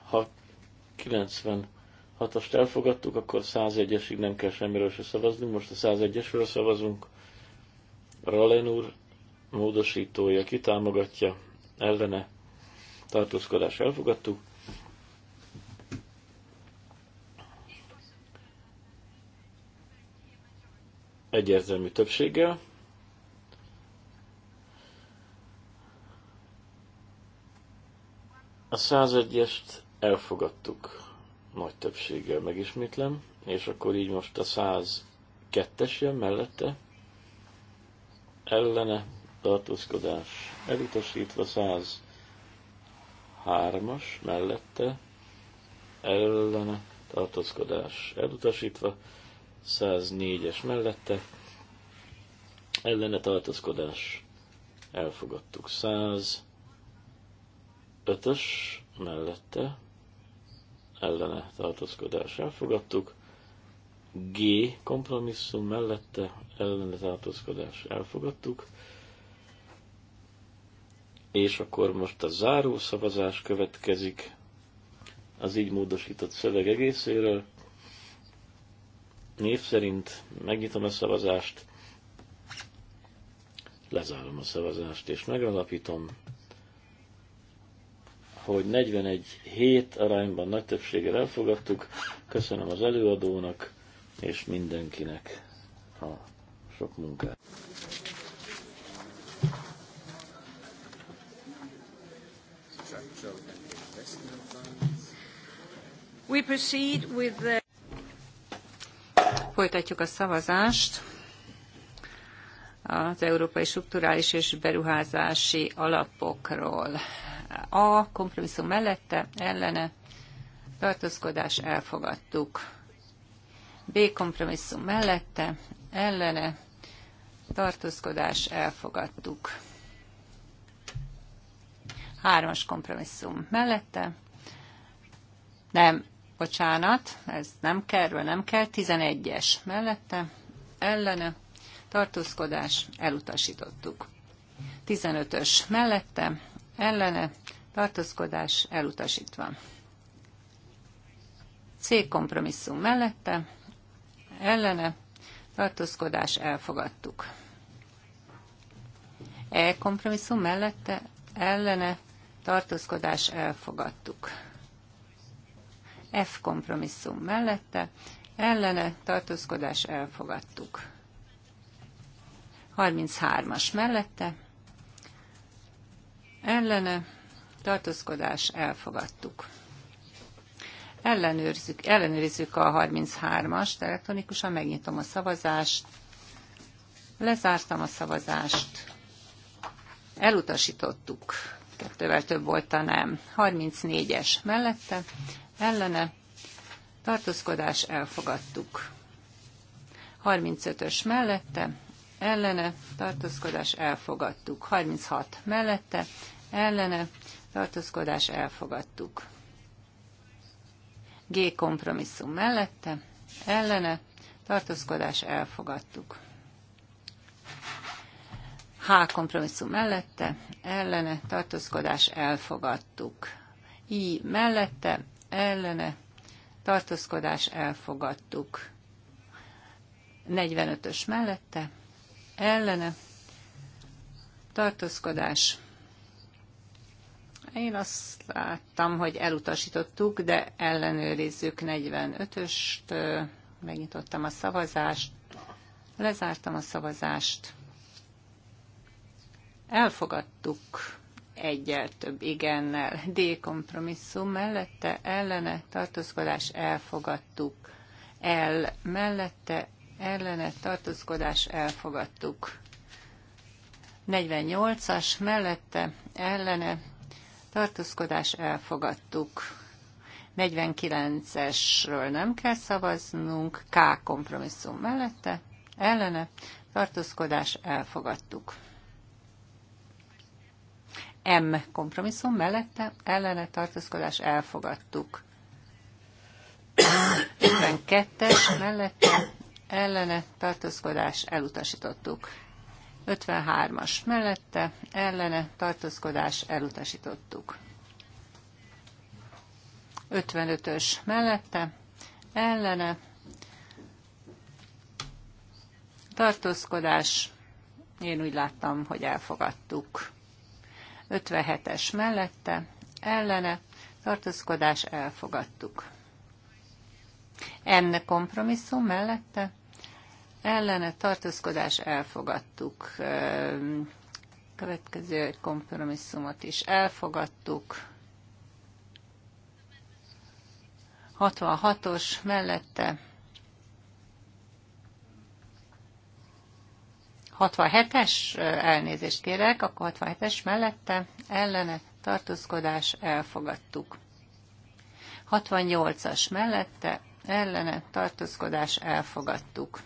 ha 96-ast elfogadtuk, akkor 101-esig nem kell semmiről se szavazni. most a 101-esről szavazunk. Rallén úr módosítója kitámogatja, ellene tartózkodás elfogadtuk. Egyértelmű többséggel. A 101-est elfogadtuk nagy többséggel, megismétlem, és akkor így most a 102-es jön mellette, ellene tartózkodás elutasítva 103-as mellette, ellene tartózkodás elutasítva 104-es mellette, ellene tartózkodás elfogadtuk 105-ös mellette, ellene tartózkodás elfogadtuk, G kompromisszum mellette ellene tartózkodás elfogadtuk, és akkor most a záró szavazás következik az így módosított szöveg egészéről. Név szerint megnyitom a szavazást, lezárom a szavazást, és megalapítom, hogy 41 hét arányban nagy többséggel elfogadtuk. Köszönöm az előadónak és mindenkinek a sok munkát. We proceed with the... Folytatjuk a szavazást az Európai Strukturális és Beruházási Alapokról. A kompromisszum mellette ellene tartózkodás elfogadtuk. B kompromisszum mellette ellene tartózkodás elfogadtuk. Hármas kompromisszum mellette. Nem, bocsánat, ez nem kerül, nem kell. 11-es mellette ellene tartózkodás elutasítottuk. 15-ös mellette ellene tartózkodás elutasítva. C kompromisszum mellette, ellene, tartózkodás elfogadtuk. E kompromisszum mellette, ellene, tartózkodás elfogadtuk. F kompromisszum mellette, ellene, tartózkodás elfogadtuk. 33-as mellette, ellene, tartózkodás elfogadtuk. Ellenőrzük, ellenőrizzük a 33-ast elektronikusan, megnyitom a szavazást, lezártam a szavazást, elutasítottuk, kettővel több volt a nem, 34-es mellette, ellene, tartózkodás elfogadtuk. 35-ös mellette, ellene, tartózkodás elfogadtuk. 36 mellette, ellene, tartózkodás elfogadtuk. G kompromisszum mellette, ellene, tartózkodás elfogadtuk. H kompromisszum mellette, ellene, tartózkodás elfogadtuk. I mellette, ellene, tartózkodás elfogadtuk. 45-ös mellette, ellene, tartózkodás elfogadtuk én azt láttam, hogy elutasítottuk, de ellenőrizzük 45-öst. Megnyitottam a szavazást, lezártam a szavazást. Elfogadtuk egyel több igennel. D kompromisszum mellette ellene tartózkodás elfogadtuk. El mellette ellene tartózkodás elfogadtuk. 48-as mellette ellene tartózkodás elfogadtuk. 49-esről nem kell szavaznunk, K kompromisszum mellette, ellene, tartózkodás elfogadtuk. M kompromisszum mellette, ellene, tartózkodás elfogadtuk. 52-es mellette, ellene, tartózkodás elutasítottuk. 53-as mellette, ellene tartózkodás elutasítottuk. 55-ös mellette, ellene tartózkodás, én úgy láttam, hogy elfogadtuk. 57-es mellette, ellene tartózkodás elfogadtuk. Enne kompromisszum mellette, ellene tartózkodás elfogadtuk. Következő kompromisszumot is elfogadtuk. 66-os mellette 67-es elnézést kérek, akkor 67-es mellette ellene tartózkodás elfogadtuk. 68-as mellette ellene tartózkodás elfogadtuk.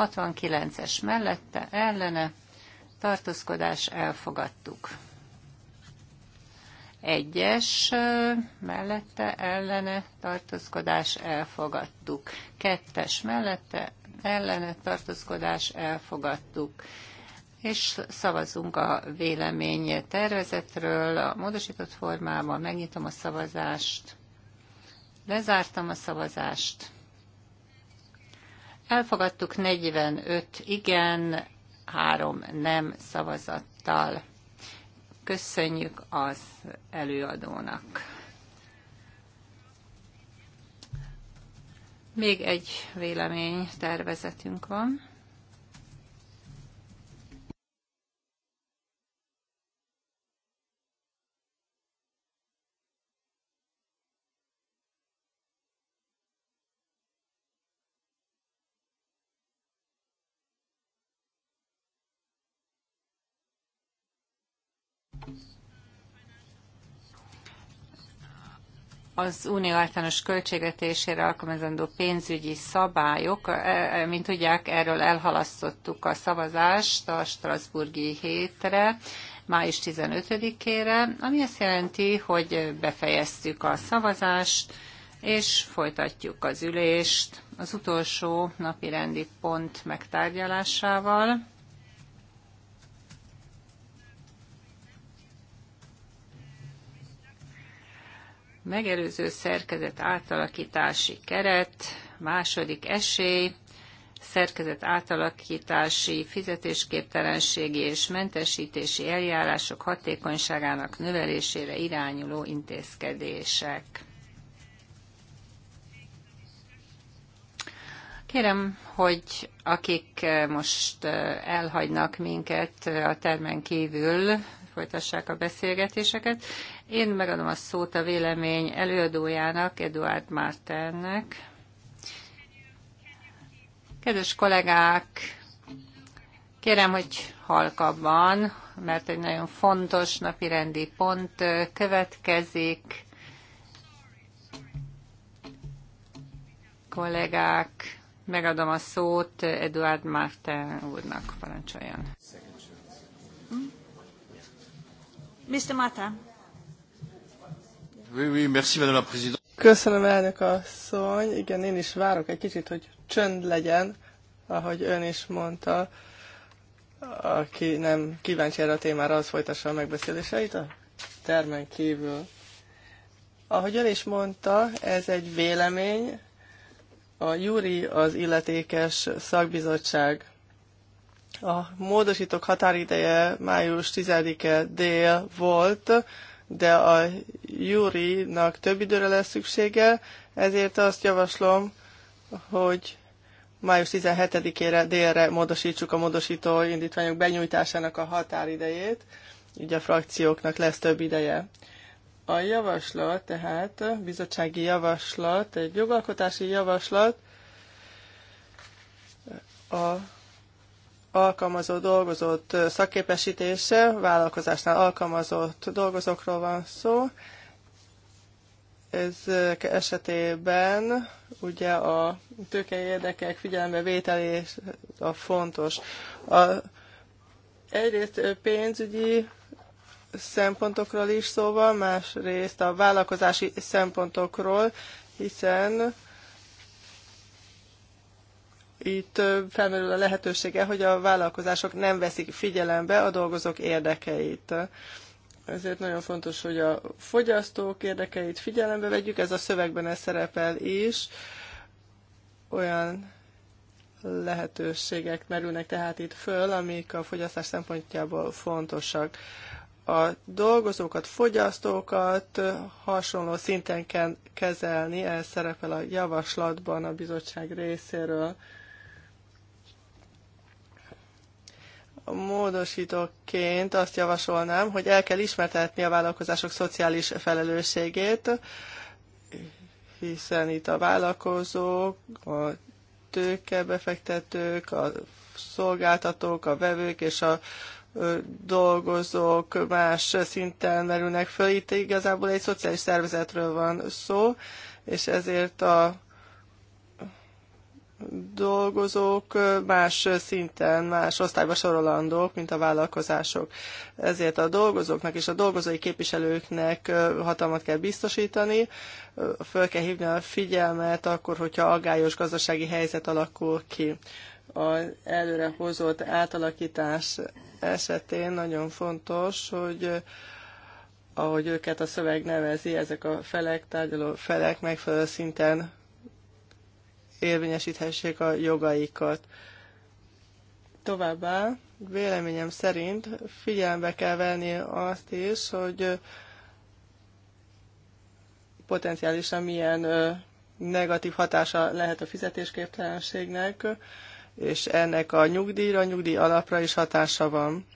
69-es mellette, ellene, tartózkodás elfogadtuk. Egyes mellette, ellene, tartózkodás elfogadtuk. Kettes mellette, ellene, tartózkodás elfogadtuk és szavazunk a vélemény tervezetről a módosított formában. Megnyitom a szavazást. Lezártam a szavazást. Elfogadtuk 45 igen, 3 nem szavazattal. Köszönjük az előadónak. Még egy vélemény tervezetünk van. az unió általános költségvetésére alkalmazandó pénzügyi szabályok, e, e, mint tudják, erről elhalasztottuk a szavazást a Strasburgi hétre, május 15-ére, ami azt jelenti, hogy befejeztük a szavazást, és folytatjuk az ülést az utolsó napi rendi pont megtárgyalásával. megelőző szerkezet átalakítási keret, második esély, szerkezet átalakítási, fizetésképtelenségi és mentesítési eljárások hatékonyságának növelésére irányuló intézkedések. Kérem, hogy akik most elhagynak minket a termen kívül, folytassák a beszélgetéseket. Én megadom a szót a vélemény előadójának, Eduard Mártennek. Kedves kollégák, kérem, hogy halkabban, mert egy nagyon fontos napi rendi pont következik. Kollégák, megadom a szót Eduard Márten úrnak, parancsoljon. Hm? Mr. Martin. Köszönöm, elnök asszony. Igen, én is várok egy kicsit, hogy csönd legyen, ahogy ön is mondta. Aki nem kíváncsi erre a témára, az folytassa a megbeszéléseit a termen kívül. Ahogy ön is mondta, ez egy vélemény. A Júri az illetékes szakbizottság. A módosítók határideje május 10-e dél volt de a júrinak több időre lesz szüksége, ezért azt javaslom, hogy május 17-ére délre módosítsuk a módosító indítványok benyújtásának a határidejét, így a frakcióknak lesz több ideje. A javaslat, tehát bizottsági javaslat, egy jogalkotási javaslat a alkalmazó dolgozott szakképesítése, vállalkozásnál alkalmazott dolgozókról van szó. Ez esetében ugye a tőkei érdekek figyelembe vételé a fontos. A, egyrészt pénzügyi szempontokról is szó van, másrészt a vállalkozási szempontokról, hiszen itt felmerül a lehetősége, hogy a vállalkozások nem veszik figyelembe a dolgozók érdekeit. Ezért nagyon fontos, hogy a fogyasztók érdekeit figyelembe vegyük, ez a szövegben ez szerepel is. Olyan lehetőségek merülnek tehát itt föl, amik a fogyasztás szempontjából fontosak. A dolgozókat, fogyasztókat hasonló szinten kell kezelni, ez szerepel a javaslatban a bizottság részéről. módosítóként azt javasolnám, hogy el kell ismertetni a vállalkozások szociális felelősségét, hiszen itt a vállalkozók, a tőkebefektetők, a szolgáltatók, a vevők és a dolgozók más szinten merülnek föl. Itt igazából egy szociális szervezetről van szó, és ezért a dolgozók más szinten, más osztályba sorolandók, mint a vállalkozások. Ezért a dolgozóknak és a dolgozói képviselőknek hatalmat kell biztosítani, föl kell hívni a figyelmet akkor, hogyha aggályos gazdasági helyzet alakul ki. Az előre hozott átalakítás esetén nagyon fontos, hogy ahogy őket a szöveg nevezi, ezek a felek, tárgyaló felek megfelelő szinten érvényesíthessék a jogaikat. Továbbá véleményem szerint figyelembe kell venni azt is, hogy potenciálisan milyen negatív hatása lehet a fizetésképtelenségnek, és ennek a nyugdíjra, nyugdíj alapra is hatása van.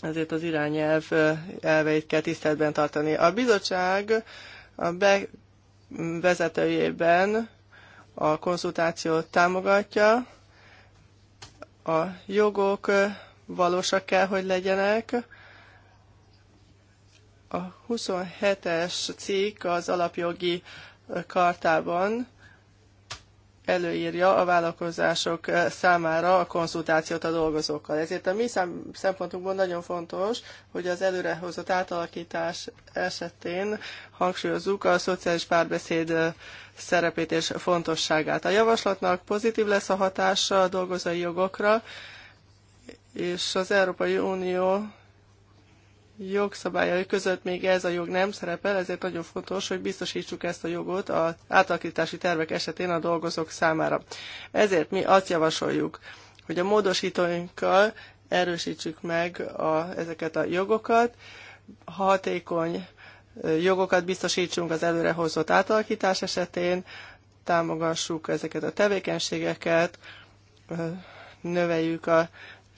Ezért az irányelv elveit kell tiszteletben tartani. A bizottság a bevezetőjében a konzultációt támogatja. A jogok valósak kell, hogy legyenek. A 27-es cikk az alapjogi kartában előírja a vállalkozások eh, számára a konzultációt a dolgozókkal. Ezért a mi szempontunkból nagyon fontos, hogy az előrehozott átalakítás esetén hangsúlyozzuk a szociális párbeszéd eh, szerepét és fontosságát. A javaslatnak pozitív lesz a hatása a dolgozói jogokra, és az Európai Unió jogszabályai között még ez a jog nem szerepel, ezért nagyon fontos, hogy biztosítsuk ezt a jogot az átalakítási tervek esetén a dolgozók számára. Ezért mi azt javasoljuk, hogy a módosítóinkkal erősítsük meg a, ezeket a jogokat, hatékony jogokat biztosítsunk az előrehozott átalakítás esetén, támogassuk ezeket a tevékenységeket, növeljük a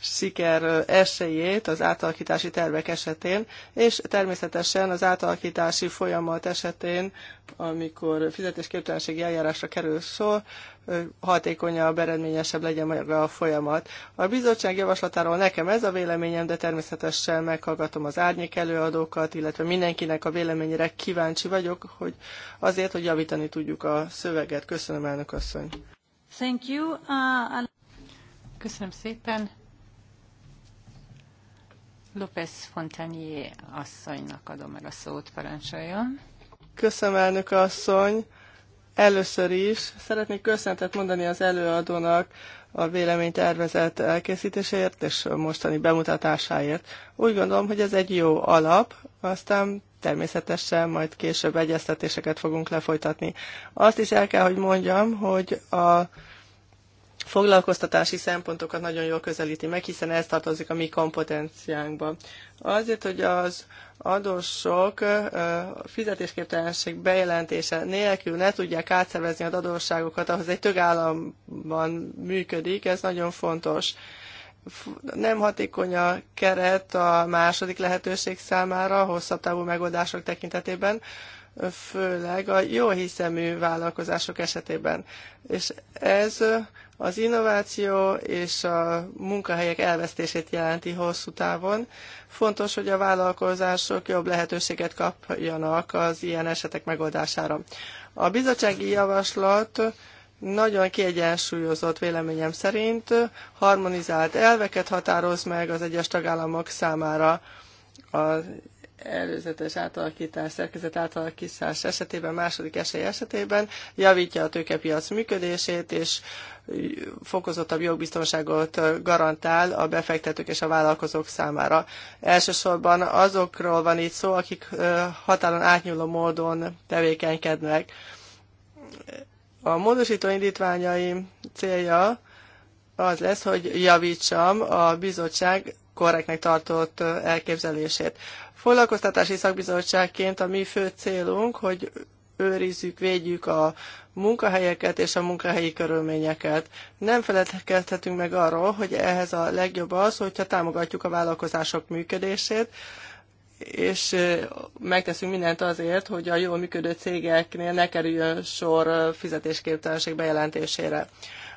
siker esélyét az átalakítási tervek esetén, és természetesen az átalakítási folyamat esetén, amikor fizetésképtelenségi eljárásra kerül szó, hatékonyabb, eredményesebb legyen maga a folyamat. A bizottság javaslatáról nekem ez a véleményem, de természetesen meghallgatom az árnyék előadókat, illetve mindenkinek a véleményére kíváncsi vagyok, hogy azért, hogy javítani tudjuk a szöveget. Köszönöm, elnök asszony. Thank you. Uh, Köszönöm szépen. López Fontanier asszonynak adom meg a szót, parancsoljon. Köszönöm, elnök asszony. Először is szeretnék köszöntet mondani az előadónak a véleménytervezet elkészítéséért és mostani bemutatásáért. Úgy gondolom, hogy ez egy jó alap, aztán természetesen majd később egyeztetéseket fogunk lefolytatni. Azt is el kell, hogy mondjam, hogy a foglalkoztatási szempontokat nagyon jól közelíti meg, hiszen ez tartozik a mi kompetenciánkba. Azért, hogy az adósok fizetésképtelenség bejelentése nélkül ne tudják átszervezni az adósságokat, ahhoz egy tagállamban működik, ez nagyon fontos nem hatékony a keret a második lehetőség számára, hosszabb távú megoldások tekintetében, főleg a jó hiszemű vállalkozások esetében. És ez az innováció és a munkahelyek elvesztését jelenti hosszú távon. Fontos, hogy a vállalkozások jobb lehetőséget kapjanak az ilyen esetek megoldására. A bizottsági javaslat nagyon kiegyensúlyozott véleményem szerint, harmonizált elveket határoz meg az egyes tagállamok számára. A előzetes átalakítás, szerkezet átalakítás esetében, második esély esetében javítja a tőkepiac működését, és fokozottabb jogbiztonságot garantál a befektetők és a vállalkozók számára. Elsősorban azokról van itt szó, akik határon átnyúló módon tevékenykednek. A módosító indítványai célja az lesz, hogy javítsam a bizottság korrektnek tartott elképzelését. Foglalkoztatási szakbizottságként a mi fő célunk, hogy őrizzük, védjük a munkahelyeket és a munkahelyi körülményeket. Nem feledkezhetünk meg arról, hogy ehhez a legjobb az, hogyha támogatjuk a vállalkozások működését, és megteszünk mindent azért, hogy a jól működő cégeknél ne kerüljön sor fizetésképtelenség bejelentésére.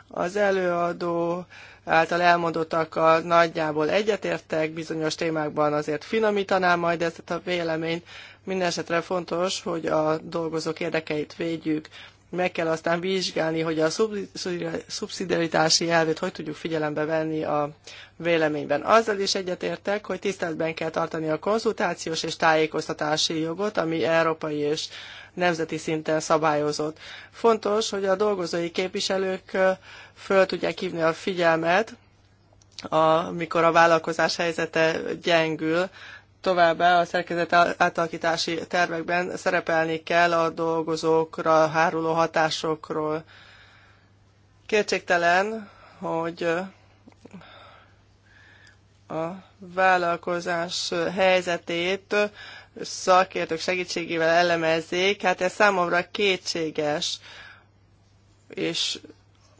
Az előadó által elmondottakkal nagyjából egyetértek, bizonyos témákban azért finomítanám majd ezt a véleményt. Mindenesetre fontos, hogy a dolgozók érdekeit védjük. Meg kell aztán vizsgálni, hogy a szubszidiaritási elvét hogy tudjuk figyelembe venni a véleményben. Azzal is egyetértek, hogy tiszteletben kell tartani a konzultációs és tájékoztatási jogot, ami európai és nemzeti szinten szabályozott. Fontos, hogy a dolgozói képviselők föl tudják hívni a figyelmet, amikor a vállalkozás helyzete gyengül, Továbbá a szerkezet átalakítási tervekben szerepelni kell a dolgozókra háruló hatásokról. Kétségtelen, hogy a vállalkozás helyzetét szakértők segítségével elemezzék, hát ez számomra kétséges, és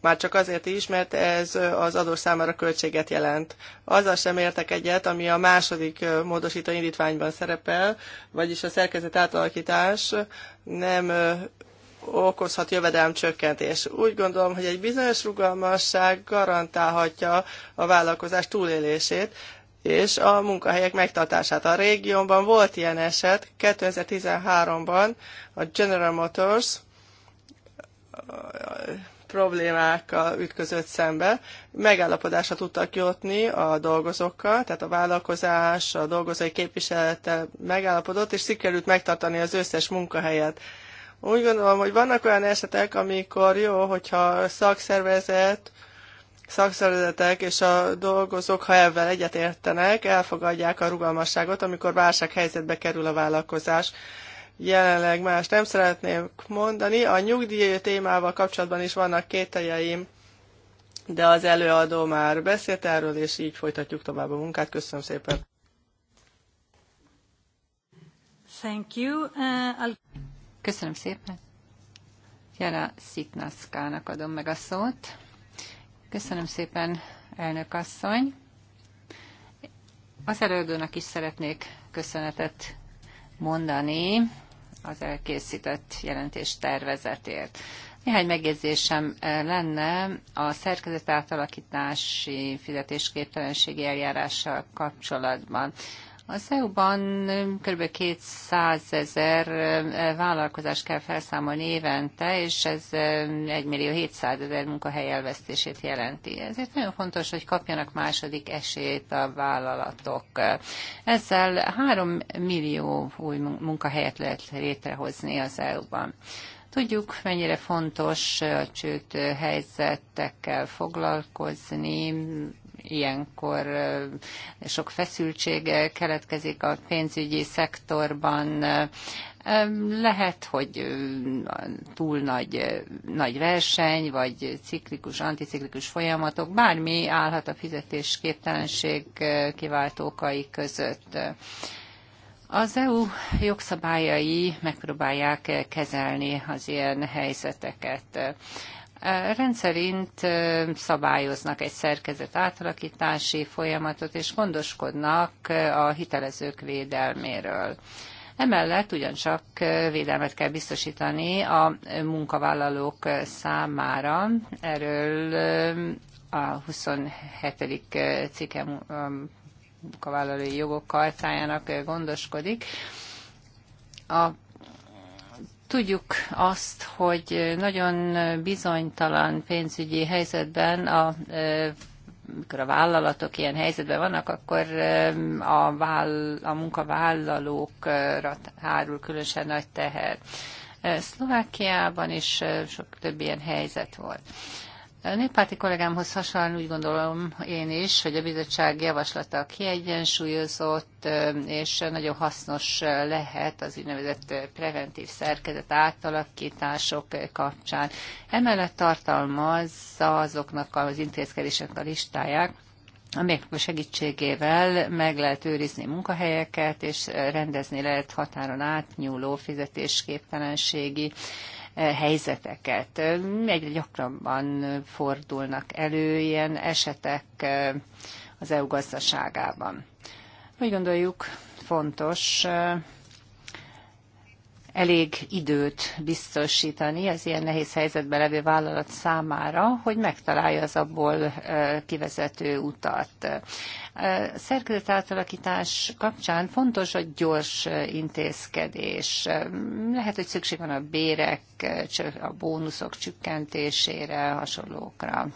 már csak azért is, mert ez az adó számára költséget jelent. Azzal sem értek egyet, ami a második módosító indítványban szerepel, vagyis a szerkezet átalakítás nem okozhat jövedelemcsökkentés. Úgy gondolom, hogy egy bizonyos rugalmasság garantálhatja a vállalkozás túlélését, és a munkahelyek megtartását. A régiónban volt ilyen eset 2013-ban a General Motors problémákkal ütközött szembe. Megállapodásra tudtak jutni a dolgozókkal, tehát a vállalkozás, a dolgozói képviselete megállapodott, és sikerült megtartani az összes munkahelyet. Úgy gondolom, hogy vannak olyan esetek, amikor jó, hogyha szakszervezet, szakszervezetek és a dolgozók, ha ebben egyetértenek, elfogadják a rugalmasságot, amikor válság helyzetbe kerül a vállalkozás. Jelenleg más nem szeretném mondani. A nyugdíj témával kapcsolatban is vannak kételjeim, de az előadó már beszélt erről, és így folytatjuk tovább a munkát. Köszönöm szépen. Thank you. Uh, Köszönöm szépen. Jara Szitnaszkának adom meg a szót. Köszönöm szépen, elnök asszony. Az előadónak is szeretnék köszönetet mondani az elkészített jelentés tervezetért. Néhány megjegyzésem lenne a szerkezet átalakítási fizetésképtelenségi eljárással kapcsolatban. Az EU-ban kb. 200 ezer vállalkozást kell felszámolni évente, és ez 1 millió 700 ezer munkahely elvesztését jelenti. Ezért nagyon fontos, hogy kapjanak második esélyt a vállalatok. Ezzel 3 millió új munkahelyet lehet létrehozni az EU-ban. Tudjuk, mennyire fontos a csőd helyzetekkel foglalkozni, ilyenkor sok feszültség keletkezik a pénzügyi szektorban, lehet, hogy túl nagy, nagy verseny, vagy ciklikus, anticiklikus folyamatok, bármi állhat a fizetésképtelenség kiváltókai között. Az EU jogszabályai megpróbálják kezelni az ilyen helyzeteket rendszerint szabályoznak egy szerkezet átalakítási folyamatot, és gondoskodnak a hitelezők védelméről. Emellett ugyancsak védelmet kell biztosítani a munkavállalók számára. Erről a 27. cikke munkavállalói jogok kartájának gondoskodik. A Tudjuk azt, hogy nagyon bizonytalan pénzügyi helyzetben a mikor a vállalatok ilyen helyzetben vannak, akkor a, váll, a munkavállalókra hárul különösen nagy teher. Szlovákiában is sok több ilyen helyzet volt. A néppárti kollégámhoz hasonlóan úgy gondolom én is, hogy a bizottság javaslata kiegyensúlyozott, és nagyon hasznos lehet az úgynevezett preventív szerkezet átalakítások kapcsán. Emellett tartalmazza azoknak az intézkedéseknek a listáját, amelyek segítségével meg lehet őrizni munkahelyeket, és rendezni lehet határon átnyúló fizetésképtelenségi helyzeteket. Egyre gyakrabban fordulnak elő ilyen esetek az EU gazdaságában. Úgy gondoljuk, fontos elég időt biztosítani az ilyen nehéz helyzetben levő vállalat számára, hogy megtalálja az abból kivezető utat szerkezet átalakítás kapcsán fontos a gyors intézkedés. Lehet, hogy szükség van a bérek, a bónuszok csökkentésére, hasonlókra.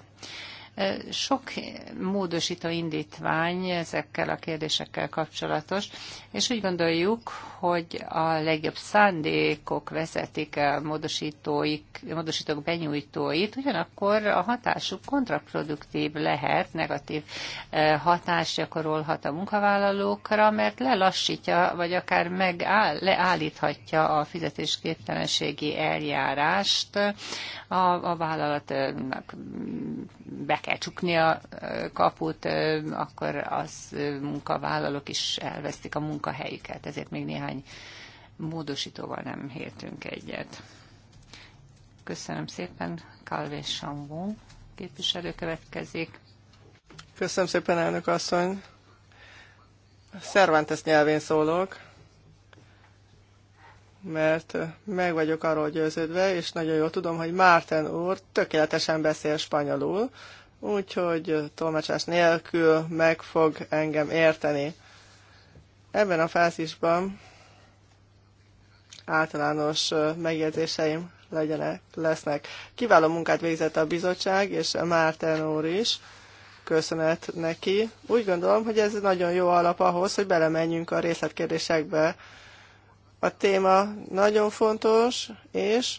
Sok módosító indítvány ezekkel a kérdésekkel kapcsolatos és úgy gondoljuk, hogy a legjobb szándékok vezetik a módosítók benyújtóit, ugyanakkor a hatásuk kontraproduktív lehet, negatív eh, hatást gyakorolhat a munkavállalókra, mert lelassítja, vagy akár megáll, leállíthatja a fizetésképtelenségi eljárást. A, a vállalatnak be kell csukni a eh, kaput, eh, akkor az munkavállalók is elvesztik a munkát munkahelyüket, ezért még néhány módosítóval nem hértünk egyet. Köszönöm szépen, Kalvé Sambó képviselő következik. Köszönöm szépen, elnök asszony. Cervantes nyelvén szólok, mert meg vagyok arról győződve, és nagyon jól tudom, hogy Márten úr tökéletesen beszél spanyolul, úgyhogy tolmácsás nélkül meg fog engem érteni. Ebben a fázisban általános megjegyzéseim legyenek, lesznek. Kiváló munkát végzett a bizottság, és Márten úr is. Köszönet neki. Úgy gondolom, hogy ez nagyon jó alap ahhoz, hogy belemenjünk a részletkérdésekbe. A téma nagyon fontos, és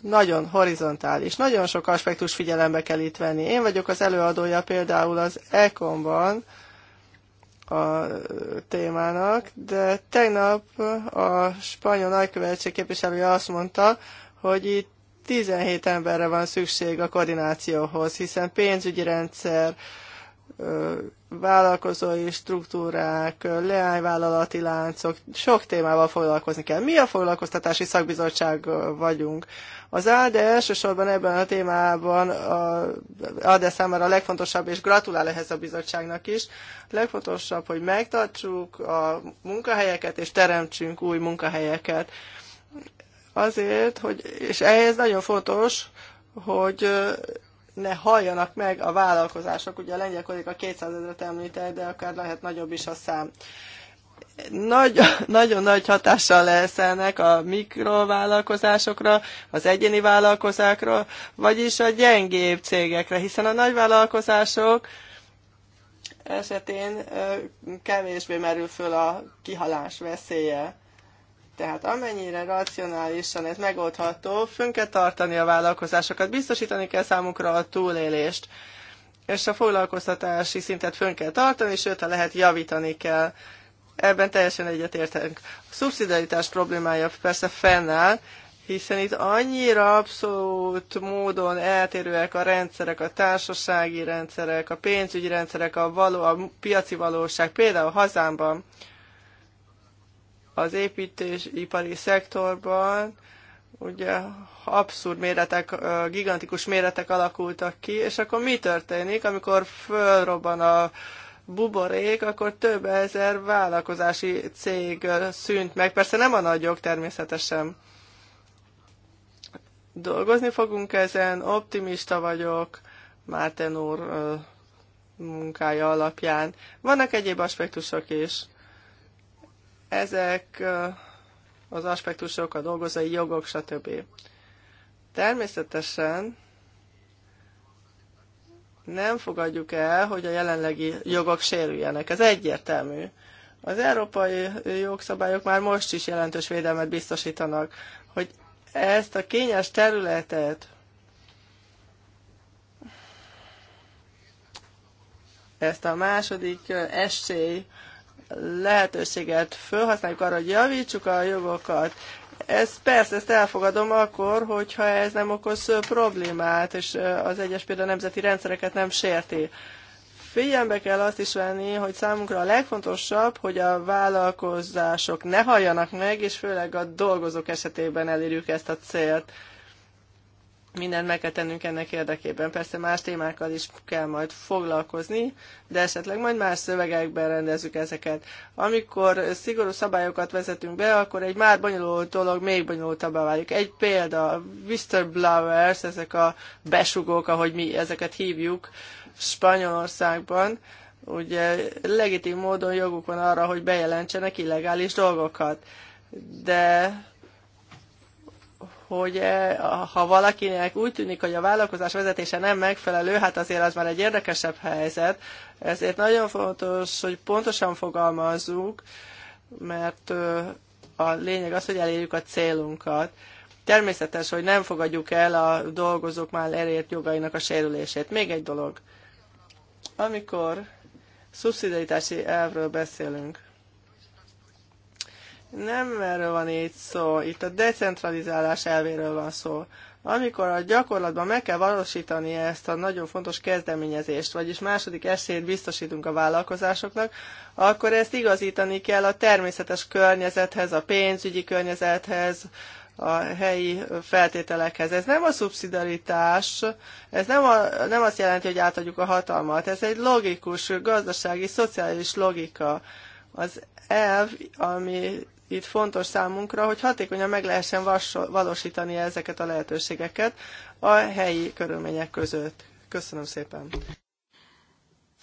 nagyon horizontális. Nagyon sok aspektus figyelembe kell itt venni. Én vagyok az előadója például az Econban, a témának, de tegnap a spanyol nagykövetség képviselője azt mondta, hogy itt 17 emberre van szükség a koordinációhoz, hiszen pénzügyi rendszer, vállalkozói struktúrák, leányvállalati láncok, sok témával foglalkozni kell. Mi a foglalkoztatási szakbizottság vagyunk. Az ADE elsősorban ebben a témában a ADE számára a legfontosabb, és gratulál ehhez a bizottságnak is, a legfontosabb, hogy megtartsuk a munkahelyeket, és teremtsünk új munkahelyeket. Azért, hogy, és ehhez nagyon fontos, hogy ne halljanak meg a vállalkozások. Ugye a lengyel kolléga 200 ezeret említett, de akár lehet nagyobb is a szám. Nagy, nagyon nagy hatással lesz ennek a mikrovállalkozásokra, az egyéni vállalkozásokra, vagyis a gyengébb cégekre, hiszen a nagyvállalkozások esetén kevésbé merül föl a kihalás veszélye tehát amennyire racionálisan ez megoldható, fönn kell tartani a vállalkozásokat, biztosítani kell számukra a túlélést, és a foglalkoztatási szintet fönn kell tartani, sőt, ha lehet, javítani kell. Ebben teljesen egyetértünk. A szubszidiaritás problémája persze fennáll, hiszen itt annyira abszolút módon eltérőek a rendszerek, a társasági rendszerek, a pénzügyi rendszerek, a, való, a piaci valóság, például hazámban az építésipari szektorban ugye abszurd méretek, gigantikus méretek alakultak ki, és akkor mi történik, amikor fölrobban a buborék, akkor több ezer vállalkozási cég szűnt meg. Persze nem a nagyok természetesen. Dolgozni fogunk ezen, optimista vagyok, Márten úr munkája alapján. Vannak egyéb aspektusok is. Ezek az aspektusok, a dolgozói jogok, stb. Természetesen nem fogadjuk el, hogy a jelenlegi jogok sérüljenek. Ez egyértelmű. Az európai jogszabályok már most is jelentős védelmet biztosítanak, hogy ezt a kényes területet, ezt a második esély lehetőséget felhasználjuk arra, hogy javítsuk a jogokat. Ez persze, ezt elfogadom akkor, hogyha ez nem okoz problémát, és az egyes például nemzeti rendszereket nem sérti. Figyelembe kell azt is venni, hogy számunkra a legfontosabb, hogy a vállalkozások ne halljanak meg, és főleg a dolgozók esetében elérjük ezt a célt mindent meg kell tennünk ennek érdekében. Persze más témákkal is kell majd foglalkozni, de esetleg majd más szövegekben rendezzük ezeket. Amikor szigorú szabályokat vezetünk be, akkor egy már bonyolult dolog még bonyolultabbá válik. Egy példa, Blowers, ezek a besugók, ahogy mi ezeket hívjuk Spanyolországban, ugye legitim módon joguk van arra, hogy bejelentsenek illegális dolgokat. De hogy eh, ha valakinek úgy tűnik, hogy a vállalkozás vezetése nem megfelelő, hát azért az már egy érdekesebb helyzet. Ezért nagyon fontos, hogy pontosan fogalmazzuk, mert a lényeg az, hogy elérjük a célunkat. Természetes, hogy nem fogadjuk el a dolgozók már elért jogainak a sérülését. Még egy dolog. Amikor szubszidiaritási elvről beszélünk, nem erről van itt szó, itt a decentralizálás elvéről van szó. Amikor a gyakorlatban meg kell valósítani ezt a nagyon fontos kezdeményezést, vagyis második esélyt biztosítunk a vállalkozásoknak, akkor ezt igazítani kell a természetes környezethez, a pénzügyi környezethez, a helyi feltételekhez. Ez nem a szubszidaritás, ez nem, a, nem azt jelenti, hogy átadjuk a hatalmat, ez egy logikus, gazdasági, szociális logika. Az elv, ami itt fontos számunkra, hogy hatékonyan meg lehessen valósítani ezeket a lehetőségeket a helyi körülmények között. Köszönöm szépen.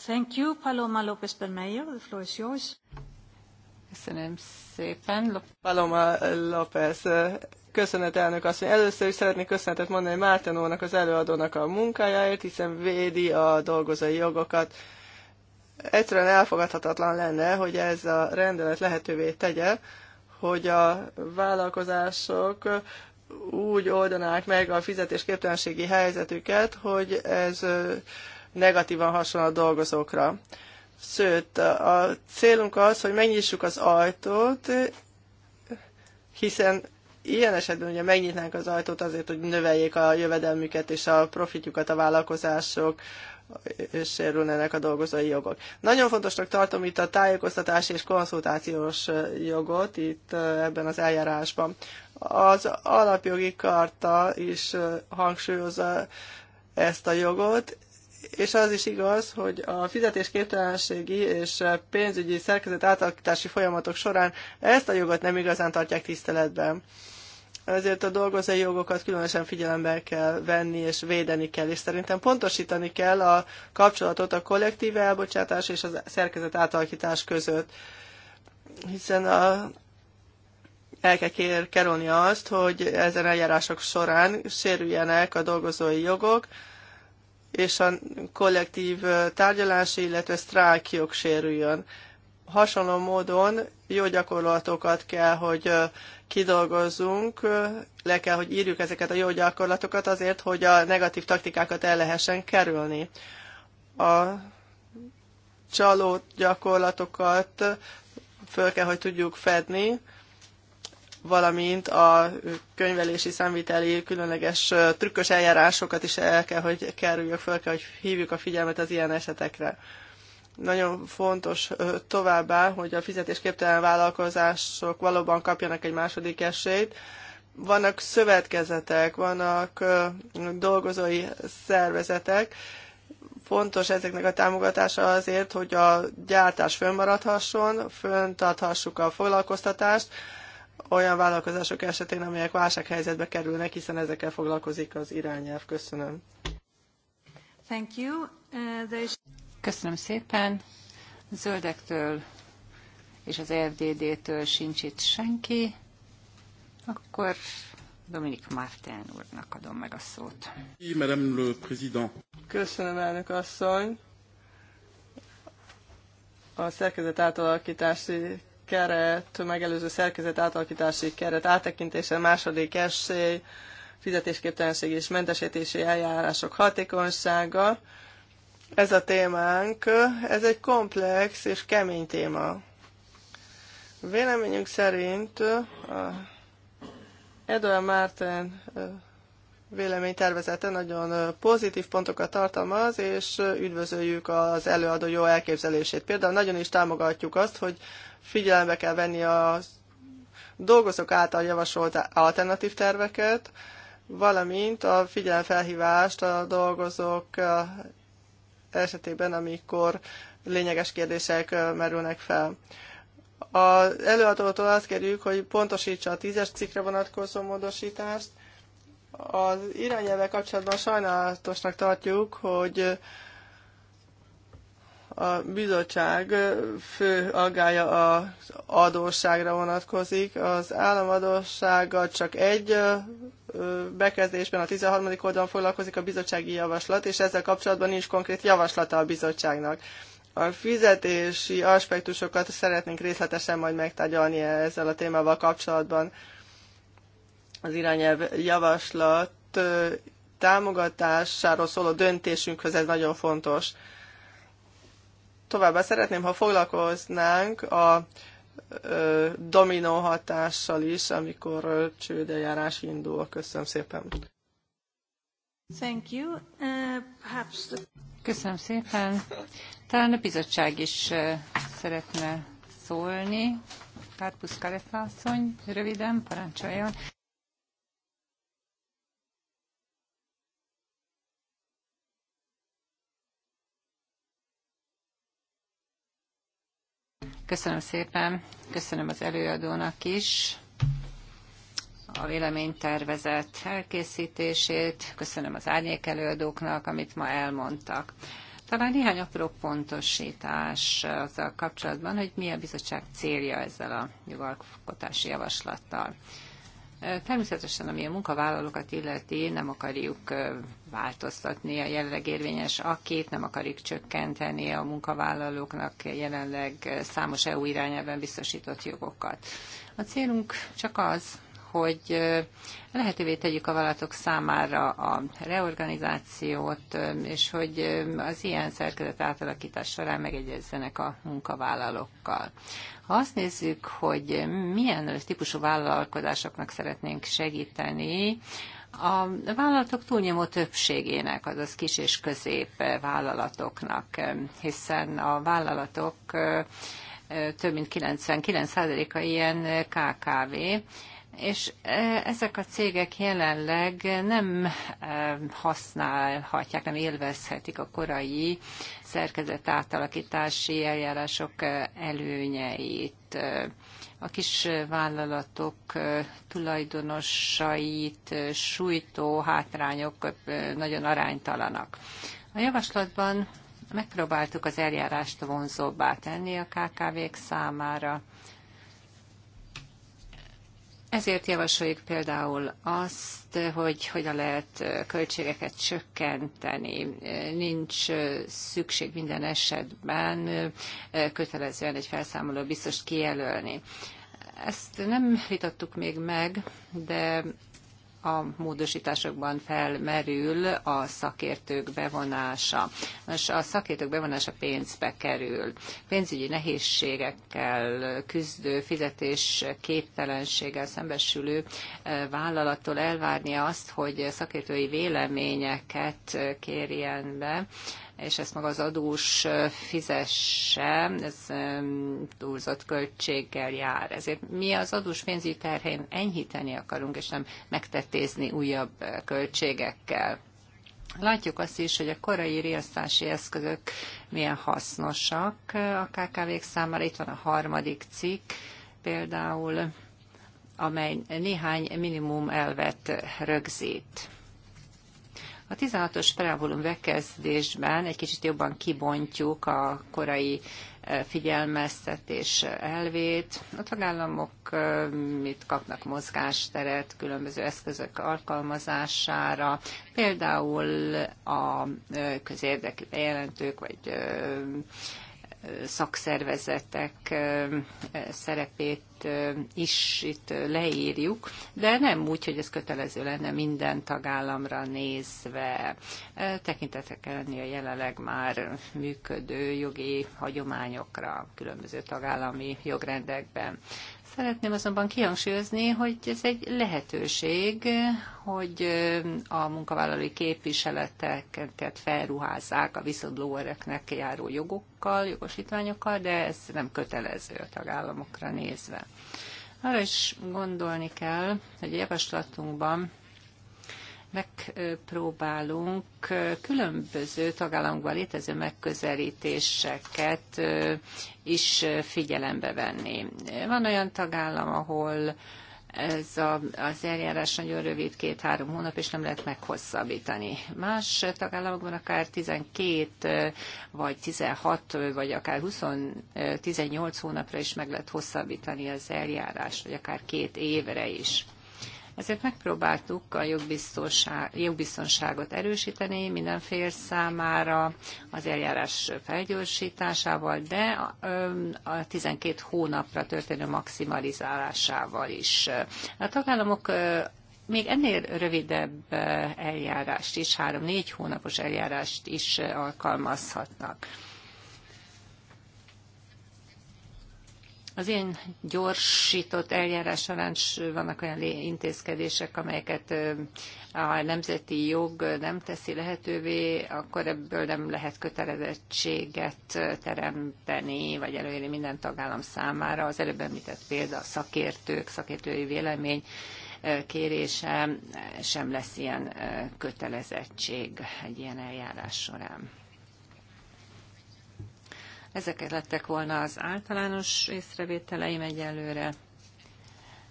Thank you, Paloma López Bermejo. The floor is yours. Köszönöm szépen. Paloma López. Köszönet elnök asszony. Először is szeretnék köszönetet mondani Mártenónak, az előadónak a munkájáért, hiszen védi a dolgozói jogokat. Egyszerűen elfogadhatatlan lenne, hogy ez a rendelet lehetővé tegye, hogy a vállalkozások úgy oldanák meg a fizetésképtelenségi helyzetüket, hogy ez negatívan hasonl a dolgozókra. Sőt, a célunk az, hogy megnyissuk az ajtót, hiszen ilyen esetben ugye megnyitnánk az ajtót azért, hogy növeljék a jövedelmüket és a profitjukat a vállalkozások, sérülnének a dolgozói jogok. Nagyon fontosnak tartom itt a tájékoztatási és konszultációs jogot itt ebben az eljárásban. Az alapjogi karta is hangsúlyozza ezt a jogot, és az is igaz, hogy a fizetésképtelenségi és pénzügyi szerkezet átalakítási folyamatok során ezt a jogot nem igazán tartják tiszteletben ezért a dolgozói jogokat különösen figyelembe kell venni és védeni kell, és szerintem pontosítani kell a kapcsolatot a kollektív elbocsátás és a szerkezet átalakítás között, hiszen a, el kell kerülni azt, hogy ezen eljárások során sérüljenek a dolgozói jogok, és a kollektív tárgyalási, illetve sztrájk jog sérüljön hasonló módon jó gyakorlatokat kell, hogy kidolgozzunk, le kell, hogy írjuk ezeket a jó gyakorlatokat azért, hogy a negatív taktikákat el lehessen kerülni. A csaló gyakorlatokat föl kell, hogy tudjuk fedni, valamint a könyvelési, számviteli különleges trükkös eljárásokat is el kell, hogy kerüljük, föl kell, hogy hívjuk a figyelmet az ilyen esetekre. Nagyon fontos továbbá, hogy a fizetésképtelen vállalkozások valóban kapjanak egy második esélyt. Vannak szövetkezetek, vannak dolgozói szervezetek, fontos ezeknek a támogatása azért, hogy a gyártás fönnmaradhasson, fönntarthassuk a foglalkoztatást olyan vállalkozások esetén, amelyek válsághelyzetbe kerülnek, hiszen ezekkel foglalkozik az irányelv. Köszönöm. Thank you. Uh, Köszönöm szépen. Zöldektől és az FDD-től sincs itt senki. Akkor Dominik Márten úrnak adom meg a szót. Köszönöm, elnök asszony. A szerkezet átalakítási keret, megelőző szerkezet átalakítási keret áttekintése második esély, fizetésképtelenség és mentesítési eljárások hatékonysága ez a témánk, ez egy komplex és kemény téma. Véleményünk szerint a Edouard Márten véleménytervezete nagyon pozitív pontokat tartalmaz, és üdvözöljük az előadó jó elképzelését. Például nagyon is támogatjuk azt, hogy figyelembe kell venni a dolgozók által javasolt alternatív terveket, valamint a figyelemfelhívást a dolgozók esetében, amikor lényeges kérdések merülnek fel. Az előadótól azt kérjük, hogy pontosítsa a tízes cikkre vonatkozó módosítást. Az irányelve kapcsolatban sajnálatosnak tartjuk, hogy a bizottság fő aggája az adósságra vonatkozik. Az államadóssággal csak egy bekezdésben, a 13. oldalon foglalkozik a bizottsági javaslat, és ezzel kapcsolatban nincs konkrét javaslata a bizottságnak. A fizetési aspektusokat szeretnénk részletesen majd megtárgyalni ezzel a témával kapcsolatban. Az irányelv javaslat támogatásáról szóló döntésünkhöz ez nagyon fontos. Továbbá szeretném, ha foglalkoznánk a dominó hatással is, amikor csődejárás indul. Köszönöm szépen. Thank you. Uh, the... Köszönöm szépen. Talán a bizottság is uh, szeretne szólni. Kárpusz Kaletha röviden, parancsoljon. Köszönöm szépen, köszönöm az előadónak is a véleménytervezet elkészítését, köszönöm az árnyék előadóknak, amit ma elmondtak. Talán néhány apró pontosítás azzal kapcsolatban, hogy mi a bizottság célja ezzel a jogalkotási javaslattal. Természetesen, ami a munkavállalókat illeti, nem akarjuk változtatni a jelenleg érvényes akit, nem akarjuk csökkenteni a munkavállalóknak jelenleg számos EU irányában biztosított jogokat. A célunk csak az, hogy lehetővé tegyük a vállalatok számára a reorganizációt, és hogy az ilyen szerkezet átalakítás során megegyezzenek a munkavállalókkal. Ha azt nézzük, hogy milyen típusú vállalkozásoknak szeretnénk segíteni, a vállalatok túlnyomó többségének, azaz kis és közép vállalatoknak, hiszen a vállalatok több mint 99%-a ilyen KKV, és e, ezek a cégek jelenleg nem e, használhatják, nem élvezhetik a korai szerkezet átalakítási eljárások e, előnyeit. A kis vállalatok tulajdonosait sújtó hátrányok nagyon aránytalanak. A javaslatban megpróbáltuk az eljárást vonzóbbá tenni a KKV-k számára ezért javasoljuk például azt, hogy hogyan lehet költségeket csökkenteni. Nincs szükség minden esetben kötelezően egy felszámoló biztos kijelölni. Ezt nem vitattuk még meg, de a módosításokban felmerül a szakértők bevonása. Most a szakértők bevonása pénzbe kerül. Pénzügyi nehézségekkel küzdő, fizetés képtelenséggel szembesülő eh, vállalattól elvárnia azt, hogy szakértői véleményeket kérjen be, és ezt maga az adós fizesse, ez túlzott költséggel jár. Ezért mi az adós pénzügyi terhén enyhíteni akarunk, és nem megtetézni újabb költségekkel. Látjuk azt is, hogy a korai riasztási eszközök milyen hasznosak a KKV-k számára. Itt van a harmadik cikk, például amely néhány minimum elvet rögzít. A 16-os preambulum bekezdésben egy kicsit jobban kibontjuk a korai eh, figyelmeztetés elvét. A tagállamok eh, mit kapnak mozgásteret különböző eszközök alkalmazására, például a eh, közérdekű bejelentők vagy szakszervezetek szerepét is itt leírjuk, de nem úgy, hogy ez kötelező lenne minden tagállamra nézve. Tekintetek kell lenni a jelenleg már működő jogi hagyományokra, különböző tagállami jogrendekben. Szeretném azonban kihangsúlyozni, hogy ez egy lehetőség, hogy a munkavállalói képviseleteket felruházzák a whistleblowereknek járó jogokkal, jogosítványokkal, de ez nem kötelező a tagállamokra nézve. Arra is gondolni kell, hogy a javaslatunkban megpróbálunk különböző tagállamokban létező megközelítéseket is figyelembe venni. Van olyan tagállam, ahol ez a, az eljárás nagyon rövid, két-három hónap, és nem lehet meghosszabbítani. Más tagállamokban akár 12, vagy 16, vagy akár 20, 18 hónapra is meg lehet hosszabbítani az eljárás, vagy akár két évre is. Ezért megpróbáltuk a jogbiztonságot erősíteni minden fél számára az eljárás felgyorsításával, de a 12 hónapra történő maximalizálásával is. A tagállamok még ennél rövidebb eljárást is, három-négy hónapos eljárást is alkalmazhatnak. Az ilyen gyorsított eljárás során vannak olyan intézkedések, amelyeket a nemzeti jog nem teszi lehetővé, akkor ebből nem lehet kötelezettséget teremteni, vagy előírni minden tagállam számára. Az előbb említett példa a szakértők, szakértői vélemény kérése sem lesz ilyen kötelezettség egy ilyen eljárás során. Ezek lettek volna az általános észrevételeim egyelőre,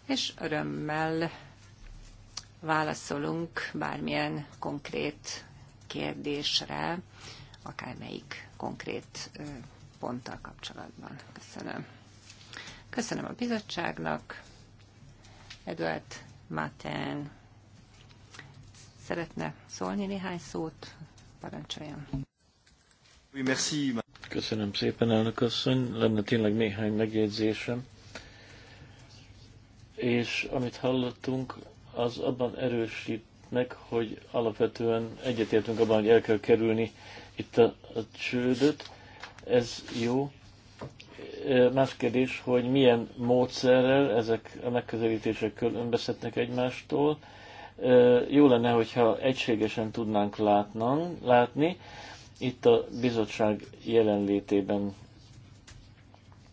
és örömmel válaszolunk bármilyen konkrét kérdésre, akármelyik konkrét ponttal kapcsolatban. Köszönöm. Köszönöm a bizottságnak. Eduard Maten szeretne szólni néhány szót. Parancsoljon. Oui, merci. Köszönöm szépen, elnök asszony. Lenne tényleg néhány megjegyzésem. És amit hallottunk, az abban erősít meg, hogy alapvetően egyetértünk abban, hogy el kell kerülni itt a, a csődöt. Ez jó. Más kérdés, hogy milyen módszerrel ezek a megközelítések különbözhetnek egymástól. Jó lenne, hogyha egységesen tudnánk látnan, látni, itt a bizottság jelenlétében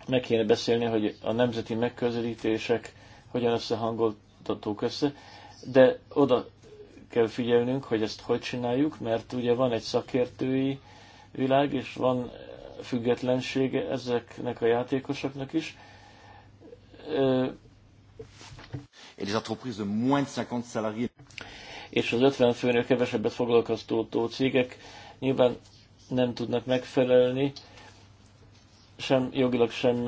meg kéne beszélni, hogy a nemzeti megközelítések hogyan összehangoltatók össze, de oda kell figyelnünk, hogy ezt hogy csináljuk, mert ugye van egy szakértői világ, és van függetlensége ezeknek a játékosoknak is. Et les entreprises de moins de 50 salariés. És az 50 főnél kevesebbet foglalkoztató cégek nyilván nem tudnak megfelelni, sem jogilag, sem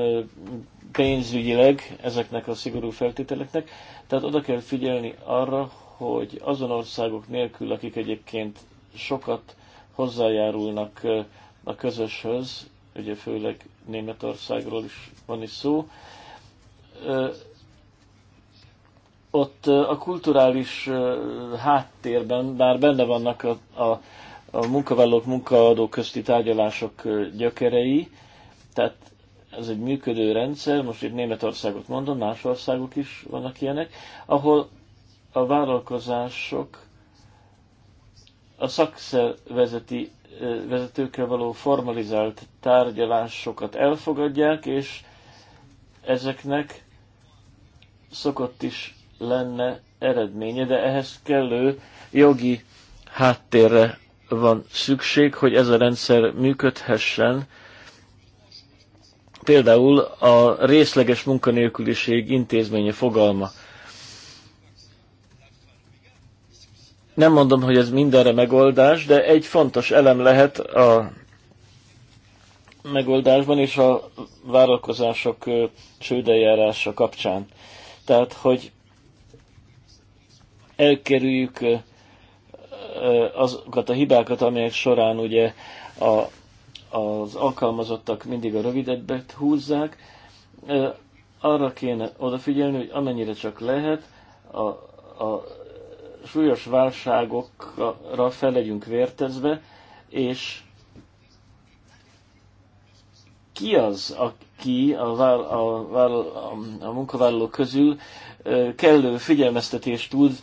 pénzügyileg ezeknek a szigorú feltételeknek. Tehát oda kell figyelni arra, hogy azon országok nélkül, akik egyébként sokat hozzájárulnak a közöshöz, ugye főleg Németországról is van is szó, ott a kulturális háttérben, bár benne vannak a, a a munkavállalók munkaadó közti tárgyalások gyökerei, tehát ez egy működő rendszer, most itt Németországot mondom, más országok is vannak ilyenek, ahol a vállalkozások a szakszervezeti vezetőkkel való formalizált tárgyalásokat elfogadják, és ezeknek szokott is lenne eredménye, de ehhez kellő jogi háttérre van szükség, hogy ez a rendszer működhessen. Például a részleges munkanélküliség intézménye fogalma. Nem mondom, hogy ez mindenre megoldás, de egy fontos elem lehet a megoldásban és a vállalkozások csődeljárása kapcsán. Tehát, hogy elkerüljük azokat a hibákat, amelyek során ugye a, az alkalmazottak mindig a rövidebbet húzzák, arra kéne odafigyelni, hogy amennyire csak lehet, a, a súlyos válságokra fel legyünk vértezve, és ki az, aki a, vál, a, vál, a, a munkavállalók közül kellő figyelmeztetést tud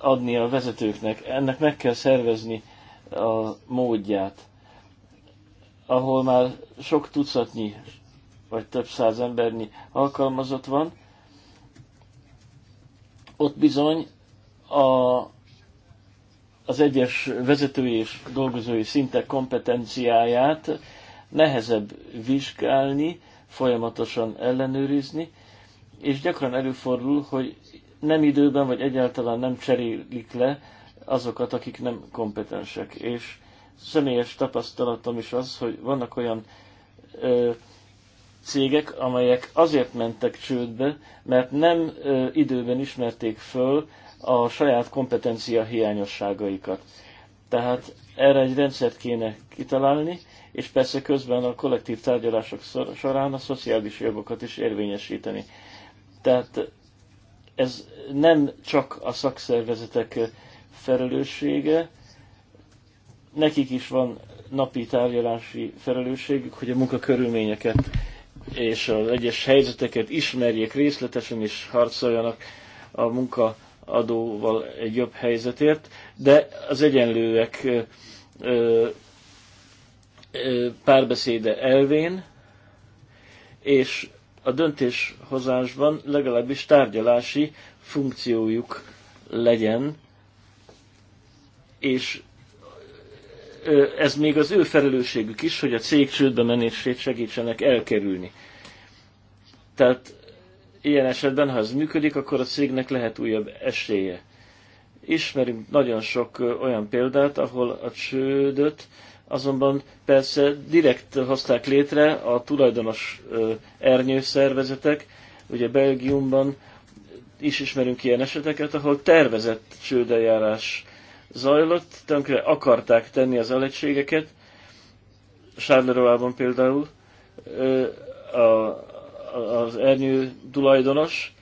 adni a vezetőknek, ennek meg kell szervezni a módját, ahol már sok tucatnyi vagy több száz embernyi alkalmazott van, ott bizony a, az egyes vezetői és dolgozói szintek kompetenciáját nehezebb vizsgálni, folyamatosan ellenőrizni, és gyakran előfordul, hogy nem időben, vagy egyáltalán nem cserélik le azokat, akik nem kompetensek. És személyes tapasztalatom is az, hogy vannak olyan ö, cégek, amelyek azért mentek csődbe, mert nem ö, időben ismerték föl a saját kompetencia hiányosságaikat. Tehát erre egy rendszert kéne kitalálni, és persze közben a kollektív tárgyalások során a szociális jogokat is érvényesíteni. Tehát ez nem csak a szakszervezetek felelőssége, nekik is van napi tárgyalási felelősségük, hogy a munkakörülményeket és az egyes helyzeteket ismerjék részletesen, és harcoljanak a munkaadóval egy jobb helyzetért, de az egyenlőek párbeszéde elvén, és a döntéshozásban legalábbis tárgyalási funkciójuk legyen, és ez még az ő felelősségük is, hogy a cég csődbe menését segítsenek elkerülni. Tehát ilyen esetben, ha ez működik, akkor a cégnek lehet újabb esélye. Ismerünk nagyon sok olyan példát, ahol a csődöt azonban persze direkt hozták létre a tulajdonos ernyőszervezetek, ugye Belgiumban is ismerünk ilyen eseteket, ahol tervezett csődeljárás zajlott, tönkre akarták tenni az alegységeket, Sárleroában például a, az ernyő tulajdonos,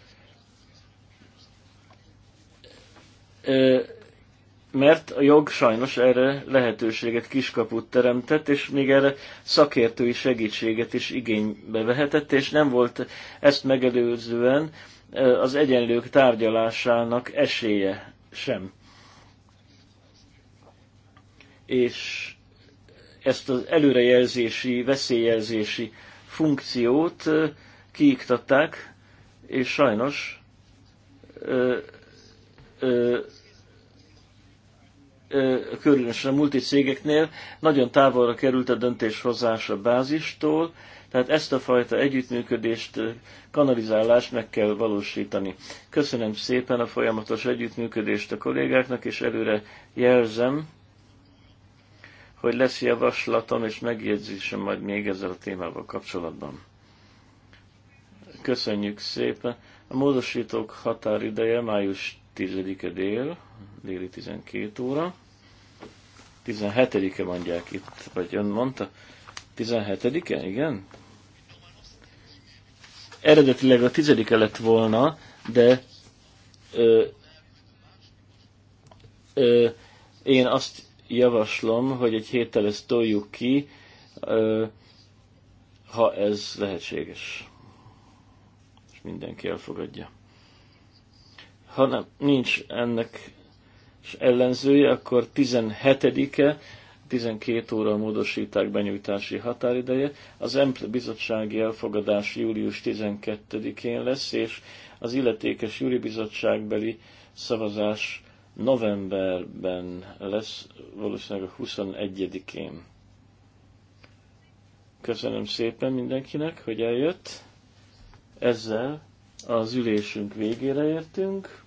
mert a jog sajnos erre lehetőséget, kiskaput teremtett, és még erre szakértői segítséget is igénybe vehetett, és nem volt ezt megelőzően e, az egyenlők tárgyalásának esélye sem. És ezt az előrejelzési, veszélyjelzési funkciót e, kiiktatták, és sajnos ö, e, ö, különösen a multi cégeknél nagyon távolra került a döntéshozás a bázistól, tehát ezt a fajta együttműködést, kanalizálást meg kell valósítani. Köszönöm szépen a folyamatos együttműködést a kollégáknak, és előre jelzem, hogy lesz javaslatom és megjegyzésem majd még ezzel a témával kapcsolatban. Köszönjük szépen! A módosítók határideje május 10-e dél déli 12 óra. 17-e mondják itt, vagy ön mondta? 17-e, igen? Eredetileg a 10 -e lett volna, de ö, ö, én azt javaslom, hogy egy héttel ezt toljuk ki, ö, ha ez lehetséges. És mindenki elfogadja. Ha nem, nincs ennek és ellenzője, akkor 17-e, 12 óra a módosíták benyújtási határideje. Az EMPL e bizottsági elfogadás július 12-én lesz, és az illetékes júri bizottságbeli szavazás novemberben lesz, valószínűleg a 21-én. Köszönöm szépen mindenkinek, hogy eljött. Ezzel az ülésünk végére értünk.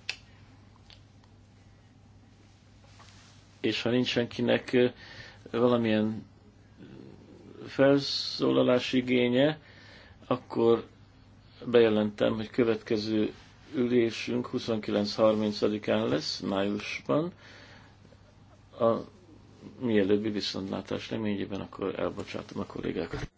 és ha nincs senkinek valamilyen felszólalás igénye, akkor bejelentem, hogy következő ülésünk 29.30-án lesz, májusban. A mielőbbi viszontlátás reményében akkor elbocsátom a kollégákat.